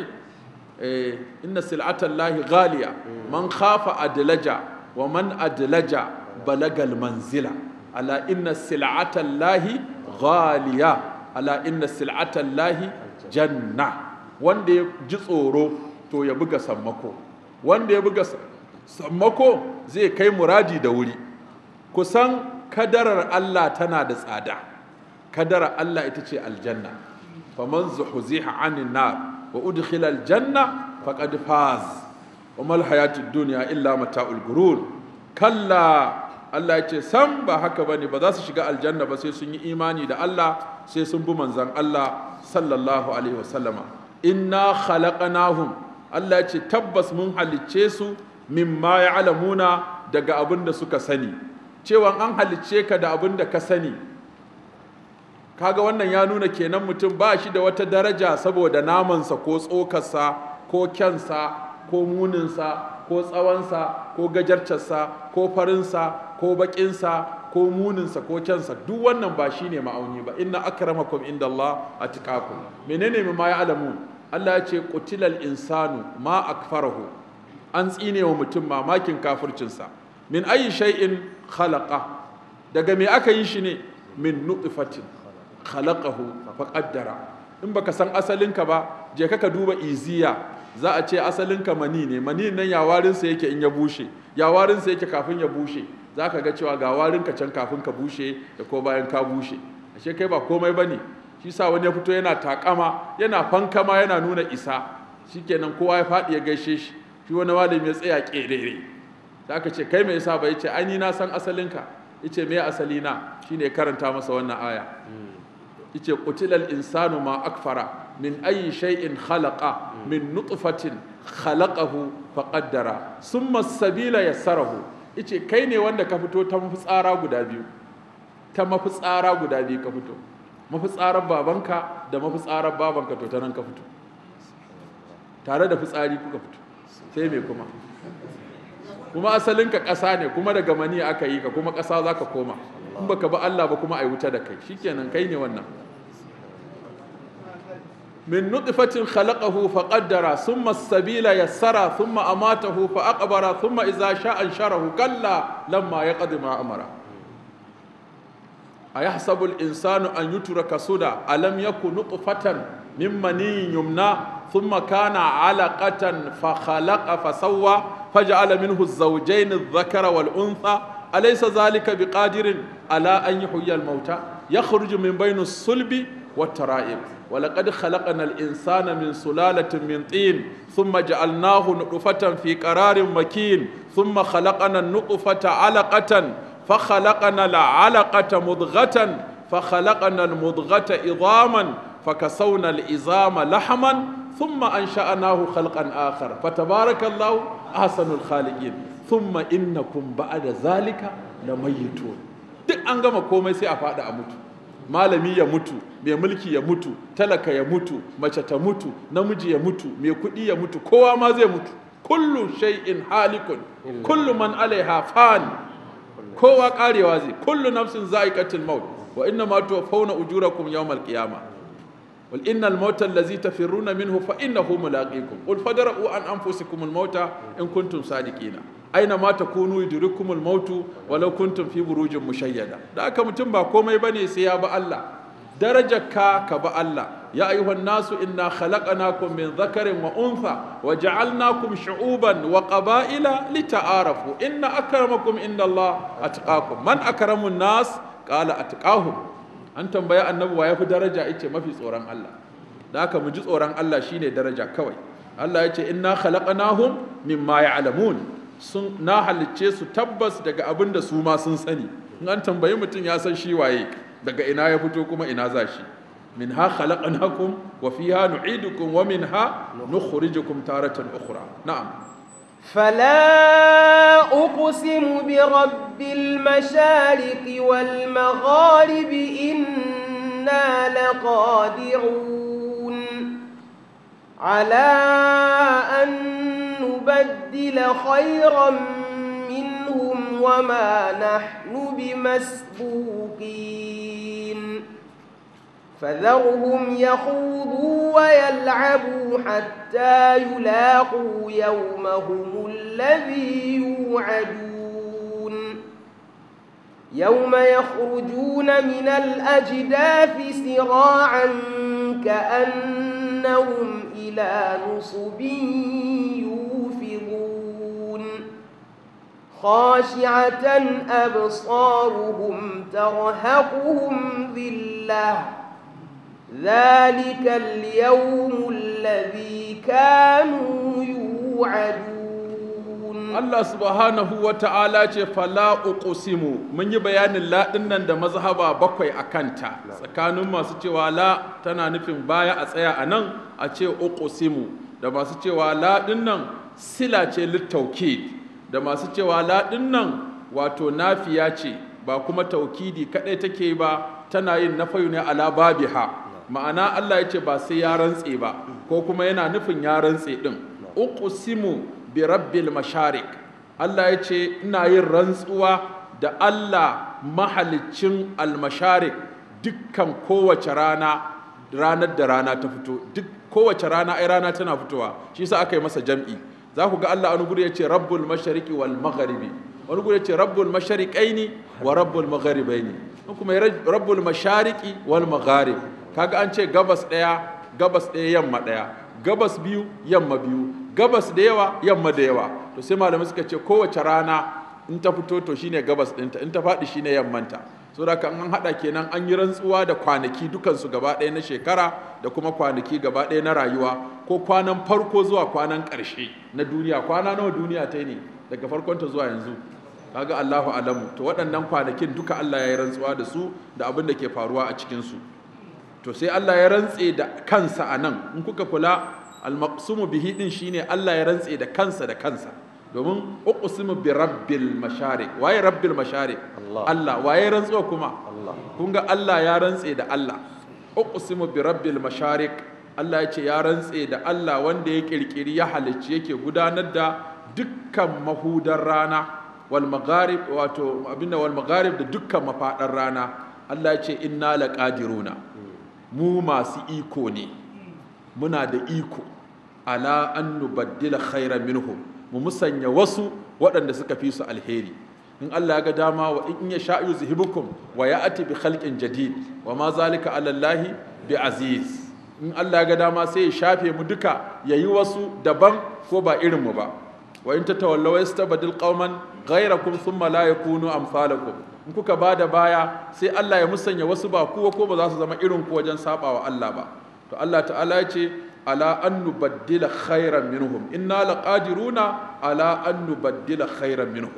eh, inna sil'atan lahi ghaliya man khafa adlaja wa man adlaja balagal manzila ala inna sil'atan lahi ghaliya ala inna sil'atan lahi janna wanda ya ji tsoro to ya buga sammako wanda ya buga sammako zai kai muradi da wuri kusan kadarar Allah tana da tsada kadarar Allah ita ce aljanna faman zuhuziha anin nar wa udkhila aljanna faqad faz wa mal hayatud dunya illa mata'ul gurur kalla Allah ya ce sam ba haka ne ba za su shiga aljanna ba sai sun yi imani da Allah sai sun bi manzan Allah sallallahu alaihi wasallama inna khalaqnahum Allah ya ce tabbas mun halicce su mimma ya'lamuna daga abin da suka sani cewa an halicce ka da abin da ka sani kaga wannan ya nuna kenan mutum ba shi da wata daraja saboda namansa ko tsokarsa ko kyansa ko muninsa ko tsawonsa ko gajarcarsa ko farinsa ko baƙinsa ko muninsa ko kyansa duk wannan ba shi ne ma'auni ba inna akramakum inda Allah a tikaku menene ma ya alamu? Allah ya ce qutilal insanu ma akfarahu an tsine wa mutum mamakin kafircinsa min ayi shay'in khalaqa daga me aka yi shi ne min nutfatin khalaqahu fa qaddara in baka san asalinka ba je ka duba iziya za a ce asalin ka mani ne mani nan ya warinsa yake in ya bushe ya warinsa yake kafin ya bushe za ka ga cewa ga warin ka can kafin ka bushe da ko bayan ka bushe ashe kai ba komai bane shi sa wani ya fito yana takama yana fankama yana nuna isa shikenan kowa ya faɗi ya gaishe shi shi wani malami ya tsaya kerere za ka ce kai mai isa ba ya ce ai na san asalinka ya ce me asali ne shine karanta masa wannan aya hmm. ya ce insanu ma akfara min ayi shay'in khalaqa min nutfatin khalaqahu faqaddara summa sabila yassarahu ice kai ne wanda ka fito ta mafi tsara guda biyu ta mafi tsara guda biyu ka fito Mafi mafitsarar babanka da mafi mafitsarar babanka to ta nan ka fito tare da fitsari kuka fito sai me kuma kuma asalinka ƙasa ne kuma daga mani aka yi ka kuma ƙasa za ka koma in baka ba Allah ba kuma a wuta da kai shikenan kai ne wannan min nutfatin khalaqahu faqaddara thumma as-sabila yassara thumma amatahu fa aqbara thumma idza sha'a ansharahu kalla lamma yaqdi ma amara ayahsabu al-insanu an yutraka suda alam yakun nutfatan min maniyyin yumna thumma kana 'alaqatan fa khalaqa fa sawwa faj'ala minhu az-zawjayn adh-dhakara wal-untha alaysa dhalika biqadirin ala an yuhyiya al-mauta yakhruju min bayni as-sulbi والترائب ولقد خلقنا الإنسان من سلالة من طين ثم جعلناه نطفة في قرار مكين ثم خلقنا النطفة علقة فخلقنا العلقة مضغة فخلقنا المضغة عظاما فكسونا العظام لحما ثم أنشأناه خلقا آخر فتبارك الله أحسن الخالقين ثم إنكم بعد ذلك لميتون duk an gama komai sai a faɗi a mutu malami ya mutu mai mulki ya mutu talaka ya mutu mace ta mutu namiji ya mutu mai kuɗi ya mutu kowa ma zai mutu kullu shay'in halikun kullu man alaiha fan kowa karewa zai kullu nafsin za'iqatul maut wa inna ma tuwaffawna ujurakum yawmal qiyamah قل إن الموت الذي تفرون منه فإنه ملاقيكم قل فدرؤوا عن أنفسكم الموت إن كنتم صادقين أينما تكونوا يدرككم الموت ولو كنتم في بروج مشيدة da aka mutum ba komai bane sai ya ba Allah darajarka ka ba Allah ya ayyuhan nasu inna khalaqnakum min dhakarin wa untha wa ja'alnakum shu'uban wa qaba'ila lita'arafu inna akramakum inda Allah man akramun nas qala atqahum an tambaya annabi wa fi daraja yace mafi tsoron Allah da haka mu ji tsoron Allah shi ne daraja kawai Allah yace inna khalaqnahum mimma ya'lamun sun na halicce su tabbas daga abin da su ma sun sani in an tambayi mutum ya san shi waye daga ina ya fito kuma ina za shi min ha khalaqnakum wa fiha nu'idukum wa min ha nukhrijukum taratan ukhra na'am فلا أقسم برب المشارق والمغارب إنا لقادرون على أن نبدل خيرا منهم وما نحن بمسبوقين فذرهم يخوضوا ويلعبوا حتى يلاقوا يومهم الذي يوعدون يوم يخرجون من الأجداف سراعا كأنهم إلى نصب يوفضون خاشعة أبصارهم ترهقهم ذِلَّةٌ ذلك اليوم الذي كانوا يوعدون الله سبحانه وتعالى فلا أقسم من يبيان لا إنن دا مذهب بكوي أكانتا سكانوا ما سيتوا لا تنا نفهم بايا أسيا أنن أتي أقسم cewa ما سيتوا لا ce سلا للتوكيد masu cewa سيتوا لا wato واتو نافيا ba kuma taukidi kadai take ba tana yin nafayu ne ala babiha ma'ana Allah ya ce ba sai ya rantse ba ko kuma yana nufin ya rantse din uqsimu bi rabbil masharik Allah ya ce ina yin rantsuwa da Allah mahalicin almasharik dukkan kowace rana ranar da rana ta fito duk kowace rana ai rana tana fitowa shi yasa aka yi masa jam'i za ku ga Allah wani guri ya ce rabbul mashariqi wal magharibi wani guri ya ce rabbul mashariqaini wa rabbul magharibaini kuma rabbul mashariqi wal magharib kaga an ce gabas ɗaya gabas ɗaya yamma ɗaya gabas biyu yamma biyu gabas da yawa yamma da yawa to sai malamai suka ce kowace rana in ta fito to shine gabas ɗinta in ta faɗi shine yammanta So da kan an haɗa kenan an yi rantsuwa da kwanaki dukansu gaba ɗaya na shekara da kuma kwanaki gaba ɗaya na rayuwa ko kwanan farko zuwa kwanan ƙarshe na duniya kwana nawa duniya ta ne daga farkonta zuwa yanzu kaga Allahu alamu to waɗannan kwanakin duka Allah ya yi rantsuwa da su da abin da ke faruwa a cikin su to sai Allah ya rantse da kansa a nan in kuka kula almaqsumu bihi din shine Allah ya rantse da kansa da kansa domin uqsimu bi rabbil mashariq waye rabbil mashariq Allah Allah waye rantsuwa kuma Allah kun ga Allah ya rantse da Allah uqsimu bi rabbil mashariq Allah ya ce ya rantse da Allah wanda ya kirkiri ya halicci yake gudanar da dukkan mahudar rana wal magharib wato abinda wal magharib da dukkan mafadar rana Allah ya ce inna laqadiruna mu masu iko ne muna da iko ala annu baddila khaira minhu mu musanya wasu waɗanda suka fi su alheri in Allah ya ga dama wa in ya sha yuzhibukum wa ya'ti bi khalqin jadid wa ma zalika ala Allah bi aziz in Allah ya ga dama sai ya shafe mu duka yayi wasu daban ko ba irin mu ba wa in tatawallaw yastabdil qauman ghayrakum thumma la yakunu amsalakum in kuka ba da baya sai Allah ya musanya wasu ba kowa ko ba za su zama irin ku wajen saba wa Allah ba to Allah ta'ala ya ce ala an nubaddila khairan minhum inna laqadiruna ala an nubaddila khairan minhum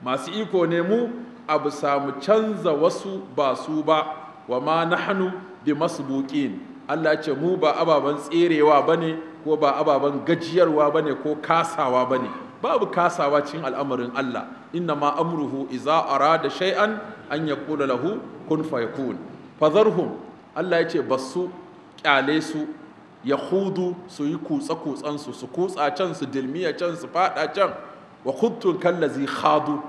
masu iko ne mu abu samu canza wasu ba su ba wa ma nahnu bi masbuqin Allah ce mu ba ababen tserewa bane ko ba ababen gajiyarwa bane ko kasawa bane babu kasawa cikin al'amarin Allah inna ma amruhu iza arada shay'an an yaqula lahu kun fayakun fadharhum Allah ya ce basu kyale su ya hudu su yi kutsa kutsansu su su kutsa can su dilmiya can su fada can wa khuttun kallazi khadu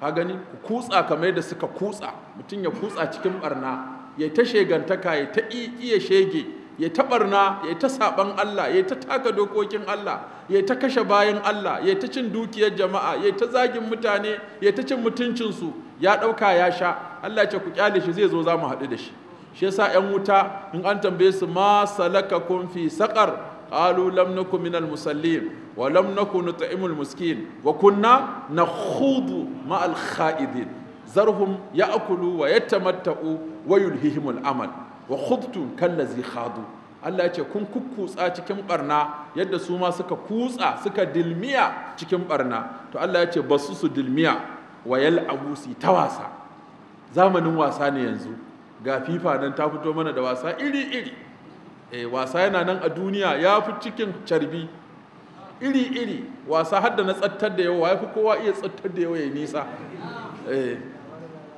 Ha gani kutsa kamar da suka kutsa mutum ya kutsa cikin barna ya ta shegantaka ya ta iya shege ya ta barna ya ta saban Allah ya ta taka dokokin Allah ya ta kashe bayan Allah ya ta cin dukiyar jama'a ya ta zagin mutane ya ta cin mutuncinsu ya ɗauka ya sha Allah ce ku kyale shi zai zo za mu haɗu da shi shi yasa 'yan wuta in an tambaye su ma salaka kun fi saƙar قالوا لم نكن من المسلمين ولم نكن نطعم المسكين وكنا نخوض مع wa ذرهم يأكلوا ويتمتعوا ويلههم amal wa khudtum kallazi khadu Allah ya ce kun kukkutsa cikin barna yadda su ma suka kutsa suka dilmiya cikin barna to Allah ya ce basu su dilmiya wa yal abusi ta wasa zamanin wasa ne yanzu ga fifa nan ta fito mana da wasa iri iri e, eh, wasa yana nan a duniya ya fi cikin carbi iri iri wasa hadda na tsattar da yawa ya fi kowa iya tsattar da yawa ya nisa e,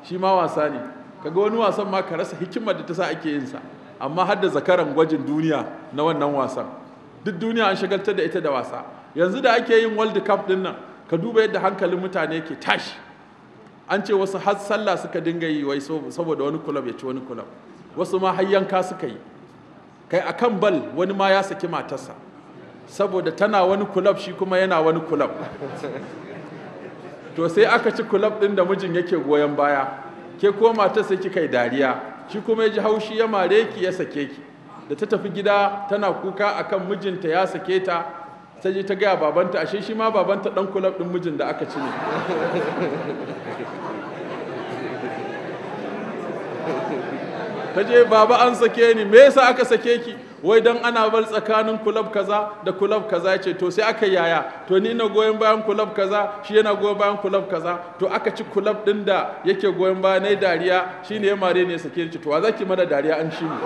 shi ma wasa ne kaga wani wasan ma ka rasa hikimar da ta sa ake yin sa amma har da zakaran gwajin duniya na wannan wasan duk duniya an shagaltar da ita da wasa yanzu da ake yin world cup din nan ka duba yadda hankalin mutane ke tashi an ce wasu har sallah suka dinga yi wai saboda wani kulob ya ci wani club wasu ma har yanka suka yi kai akan bal wani ma ya saki matarsa saboda tana wani kulob shi kuma yana wani kulob. to sai aka ci kulob din da mijin yake goyon baya ke ko matar sai kika yi dariya shi kuma ya ji haushi ya mare ki ya sake ki da ta tafi gida tana kuka akan mijinta ya sake ta ta ji ta gaya babanta ashe shi ma babanta dan kulab din mijin da aka ci ne ta je baba an sake ni me yasa aka sake ki wai don ana bar tsakanin kulab kaza da kulab kaza ya ce to sai aka yaya to ni na goyon bayan kulab kaza shi yana goyon bayan kulab kaza to aka ci kulab din da yake goyon bayan na dariya shine ya mare ne sake ci. to wa zaki mana dariya an shi ne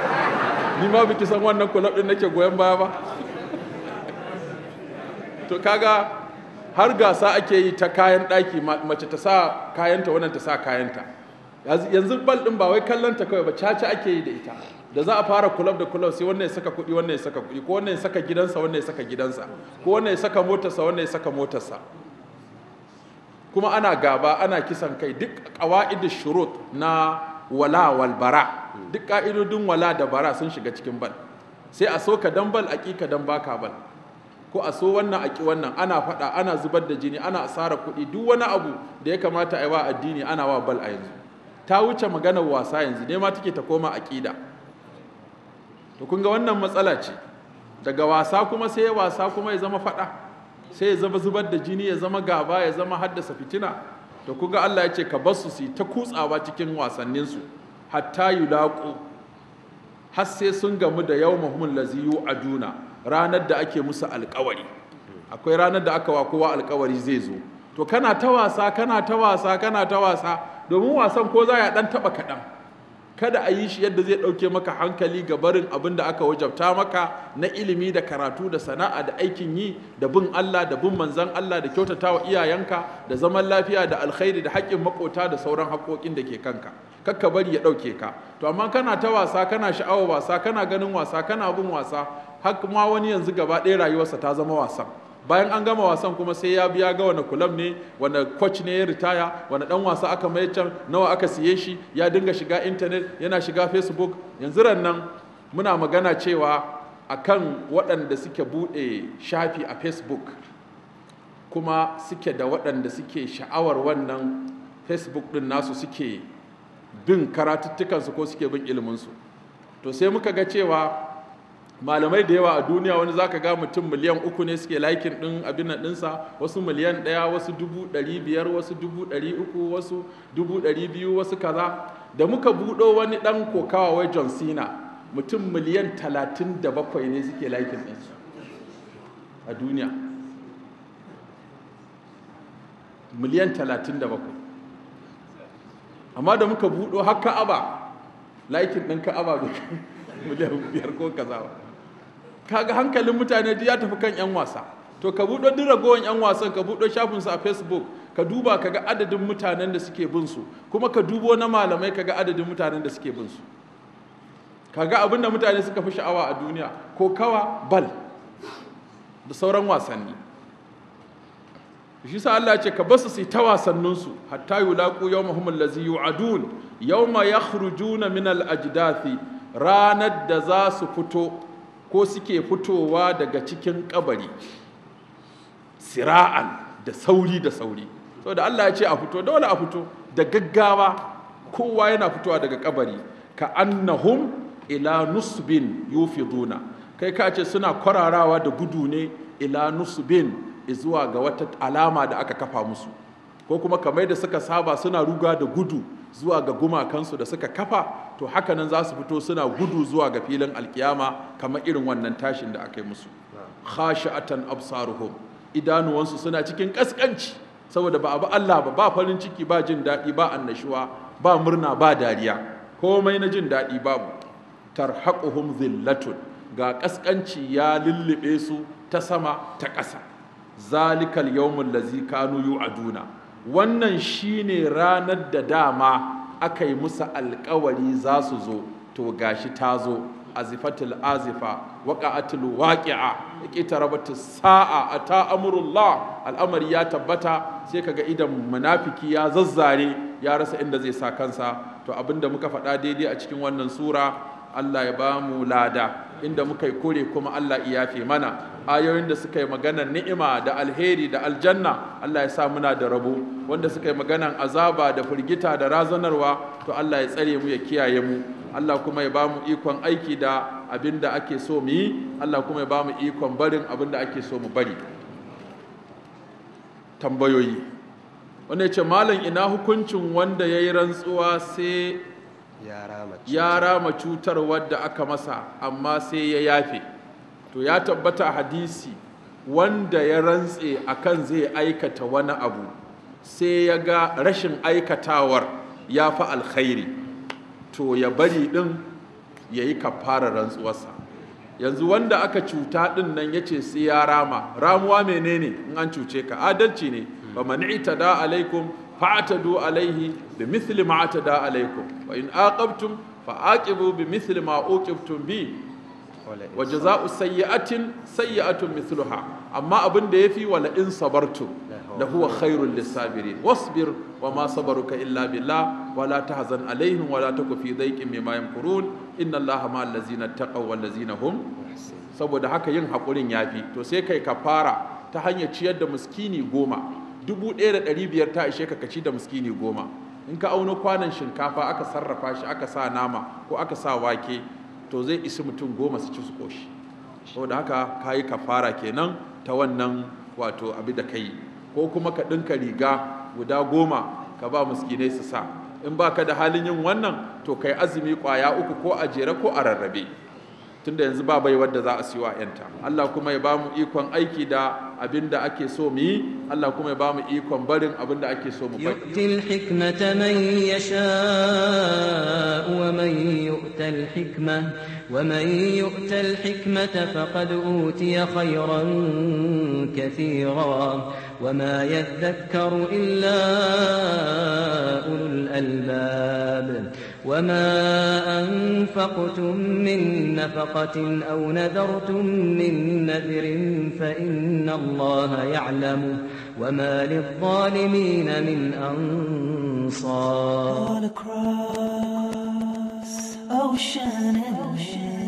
ni ma biki san wannan kulab din nake goyon baya ba to kaga har gasa ake yi ta kayan daki mace ta sa kayanta wannan ta sa kayanta yanzu bal din ba wai kallon ta kawai ba caca ake yi da ita da za a fara kulab da kulab sai wannan ya saka kuɗi wannan ya saka kuɗi ko wannan ya saka gidansa wannan ya saka gidansa ko wannan ya saka motarsa wannan ya saka motarsa kuma ana gaba ana kisan kai duk qawaid shurut na wala wal bara duk ka'idodin wala da bara sun shiga cikin bal sai a so ka dan bal aƙika dan baka bal ko a so wannan aki wannan ana faɗa ana zubar da jini ana asara kuɗi duk wani abu da ya kamata a yi wa addini ana wa bal a yanzu ta wuce maganar wasa yanzu ne ma take ta koma aƙida to kun ga wannan matsala ce daga wasa kuma sai wasa kuma ya zama faɗa sai ya zama zubar da jini ya zama gaba ya zama haddasa fitina to kun ga Allah ya ce ka bar su su ta kutsawa cikin wasannin su hatta yulaqu har sai sun gamu da yau yawmahum lazi yu'aduna ranar da ake musu alkawari akwai ranar da aka wa kowa alkawari zai zo to kana ta wasa kana ta wasa kana ta wasa domin wasan ko za ya dan taba kaɗan kada a yi shi yadda zai ɗauke maka hankali ga barin abin da aka wajabta maka na ilimi da karatu da sana'a da aikin yi da bin Allah da bin manzan Allah da kyautata wa iyayenka da zaman lafiya da alkhairi da haƙƙin maƙota da sauran haƙƙoƙin da ke kanka kakka bari ya ɗauke ka to amma kana ta wasa kana sha'awa wasa kana ganin wasa kana bin wasa har ma wani yanzu gaba ɗaya rayuwarsa ta zama wasan bayan an gama wasan kuma sai ya biya ga wani kulam ne wani coach ne ya ritaya wani dan wasa aka mai can nawa aka siye shi ya dinga shiga internet yana shiga facebook yanzu nan muna magana cewa akan waɗanda suke buɗe shafi a facebook kuma suke da waɗanda suke sha'awar wannan facebook ɗin nasu suke bin karatuttukansu ko suke bin su to sai muka ga cewa malamai da yawa a duniya wani zaka ga mutum miliyan uku ne suke laikin din abin nan dinsa wasu miliyan ɗaya wasu dubu ɗari biyar wasu dubu ɗari uku wasu dubu ɗari biyu wasu kaza da muka buɗo wani ɗan kokawa wai john cena mutum miliyan talatin da bakwai ne suke laikin din a duniya miliyan talatin da bakwai amma da muka buɗo har ka'aba laikin ɗin ka'aba miliyan biyar ko kaza ba kaga hankalin mutane ya tafi kan 'yan wasa to ka buɗo duk ragowar 'yan wasan ka buɗo shafinsu a facebook ka duba kaga adadin mutanen da suke bin su kuma ka dubo na malamai kaga adadin mutanen da suke bin su kaga abin da mutane suka fi sha'awa a duniya ko kawa bal da sauran wasanni shi Allah ce ka basu su ta wasannin su hatta yulaqu yawmahum allazi yu'adun yawma yakhrujuna min al-ajdathi ranar da za su fito ko suke fitowa daga cikin kabari sira'an da sauri da sauri saboda Allah ya ce a fito dole a fito da gaggawa kowa yana fitowa daga kabari ka annahum ila nusbin yufiduna kai ka ce suna kwararawa da gudu ne ila nusbin zuwa ga wata alama da aka kafa musu ko kuma kamar da suka saba suna ruga da gudu zuwa ga gumakansu da suka kafa to haka nan za su fito suna gudu zuwa ga filin alkiyama kamar irin wannan tashin da aka yi musu khashi'atan absaruhum idanuwansu suna cikin kaskanci saboda ba abu Allah ba ba farin ciki ba jin daɗi ba annashuwa ba murna ba dariya komai na jin daɗi babu tarhaquhum zillatun ga kaskanci ya lullube su ta sama ta ƙasa zalikal yawmul ladzi kanu yu'aduna wannan shine ranar da dama aka yi musu alkawari za su zo to gashi ta zo azifatul azifa waqa'atul waqi'a iqtarabatu sa'a ata amrullah al'amari ya tabbata sai kaga idan munafiki ya zazzare ya rasa inda zai sa kansa to abinda muka faɗa daidai a cikin wannan sura Allah ya ba mu lada inda muka yi kore kuma Allah ya yafe mana ayoyin da suka yi maganan ni'ima da alheri da aljanna Allah ya sa muna da rabo wanda suka yi maganan azaba da firgita da razanarwa to Allah ya tsare mu ya kiyaye mu Allah kuma ya bamu ikon aiki da abin da ake so mu yi Allah kuma ya bamu ikon barin abin da ake so mu bari tambayoyi wanda ya ce malam ina hukuncin wanda ya yi rantsuwa sai ya rama cutar wadda aka masa amma sai ya yafe to ya tabbata hadisi wanda ya rantse akan zai aikata wani abu sai ya ga rashin aikatawar ya fi alkhairi to ya bari din ya yi kafara rantsuwarsa yanzu wanda aka cuta din nan ya ce sai ya rama ramuwa menene in an cuce ka adalci ne ba mani'ita da alaikum fa'atadu alaihi bi mithli ma atada alaikum wa in aqabtum fa'aqibu bi mithli ma uqibtum bi wa jazaa'u sayyi'atin sayyi'atun mithluha amma abin da yafi wala in sabartum la huwa khairul lisabirin wasbir wa ma sabaruka illa billah wa la tahzan alaihim wa la taku fi dhaiqin mimma yamkurun inna allaha ma allazina taqaw wal ladzina hum saboda haka yin hakurin yafi to sai kai kafara ta hanyar ciyar da miskini goma dubu ɗaya da ɗari biyar ta ishe ka kaci da muskini goma in ka auna kwanan shinkafa aka sarrafa shi aka sa nama ko aka sa wake to zai isi mutum goma su ci su koshi da haka ka yi kafara kenan ta wannan wato abi da kai ko kuma ka ɗinka riga guda goma ka ba muskinai su sa in ba ka da halin yin wannan to kai azumi kwaya uku ko a jere ko a rarrabe tunda yanzu ba wadda za a siyo yanta Allah kuma ya ba mu ikon aiki da abinda ake so mu yi Allah kuma ya ba mu ikon barin abinda ake so mu bari til hikmata man yasha wa man yu'ta al hikma wa man yu'ta al hikmata faqad utiya khayran kathira wa ma yadhakkaru illa ulul albab وما أنفقتم من نفقة أو نذرتم من نذر فإن الله يعلم وما للظالمين من أنصار All across ocean and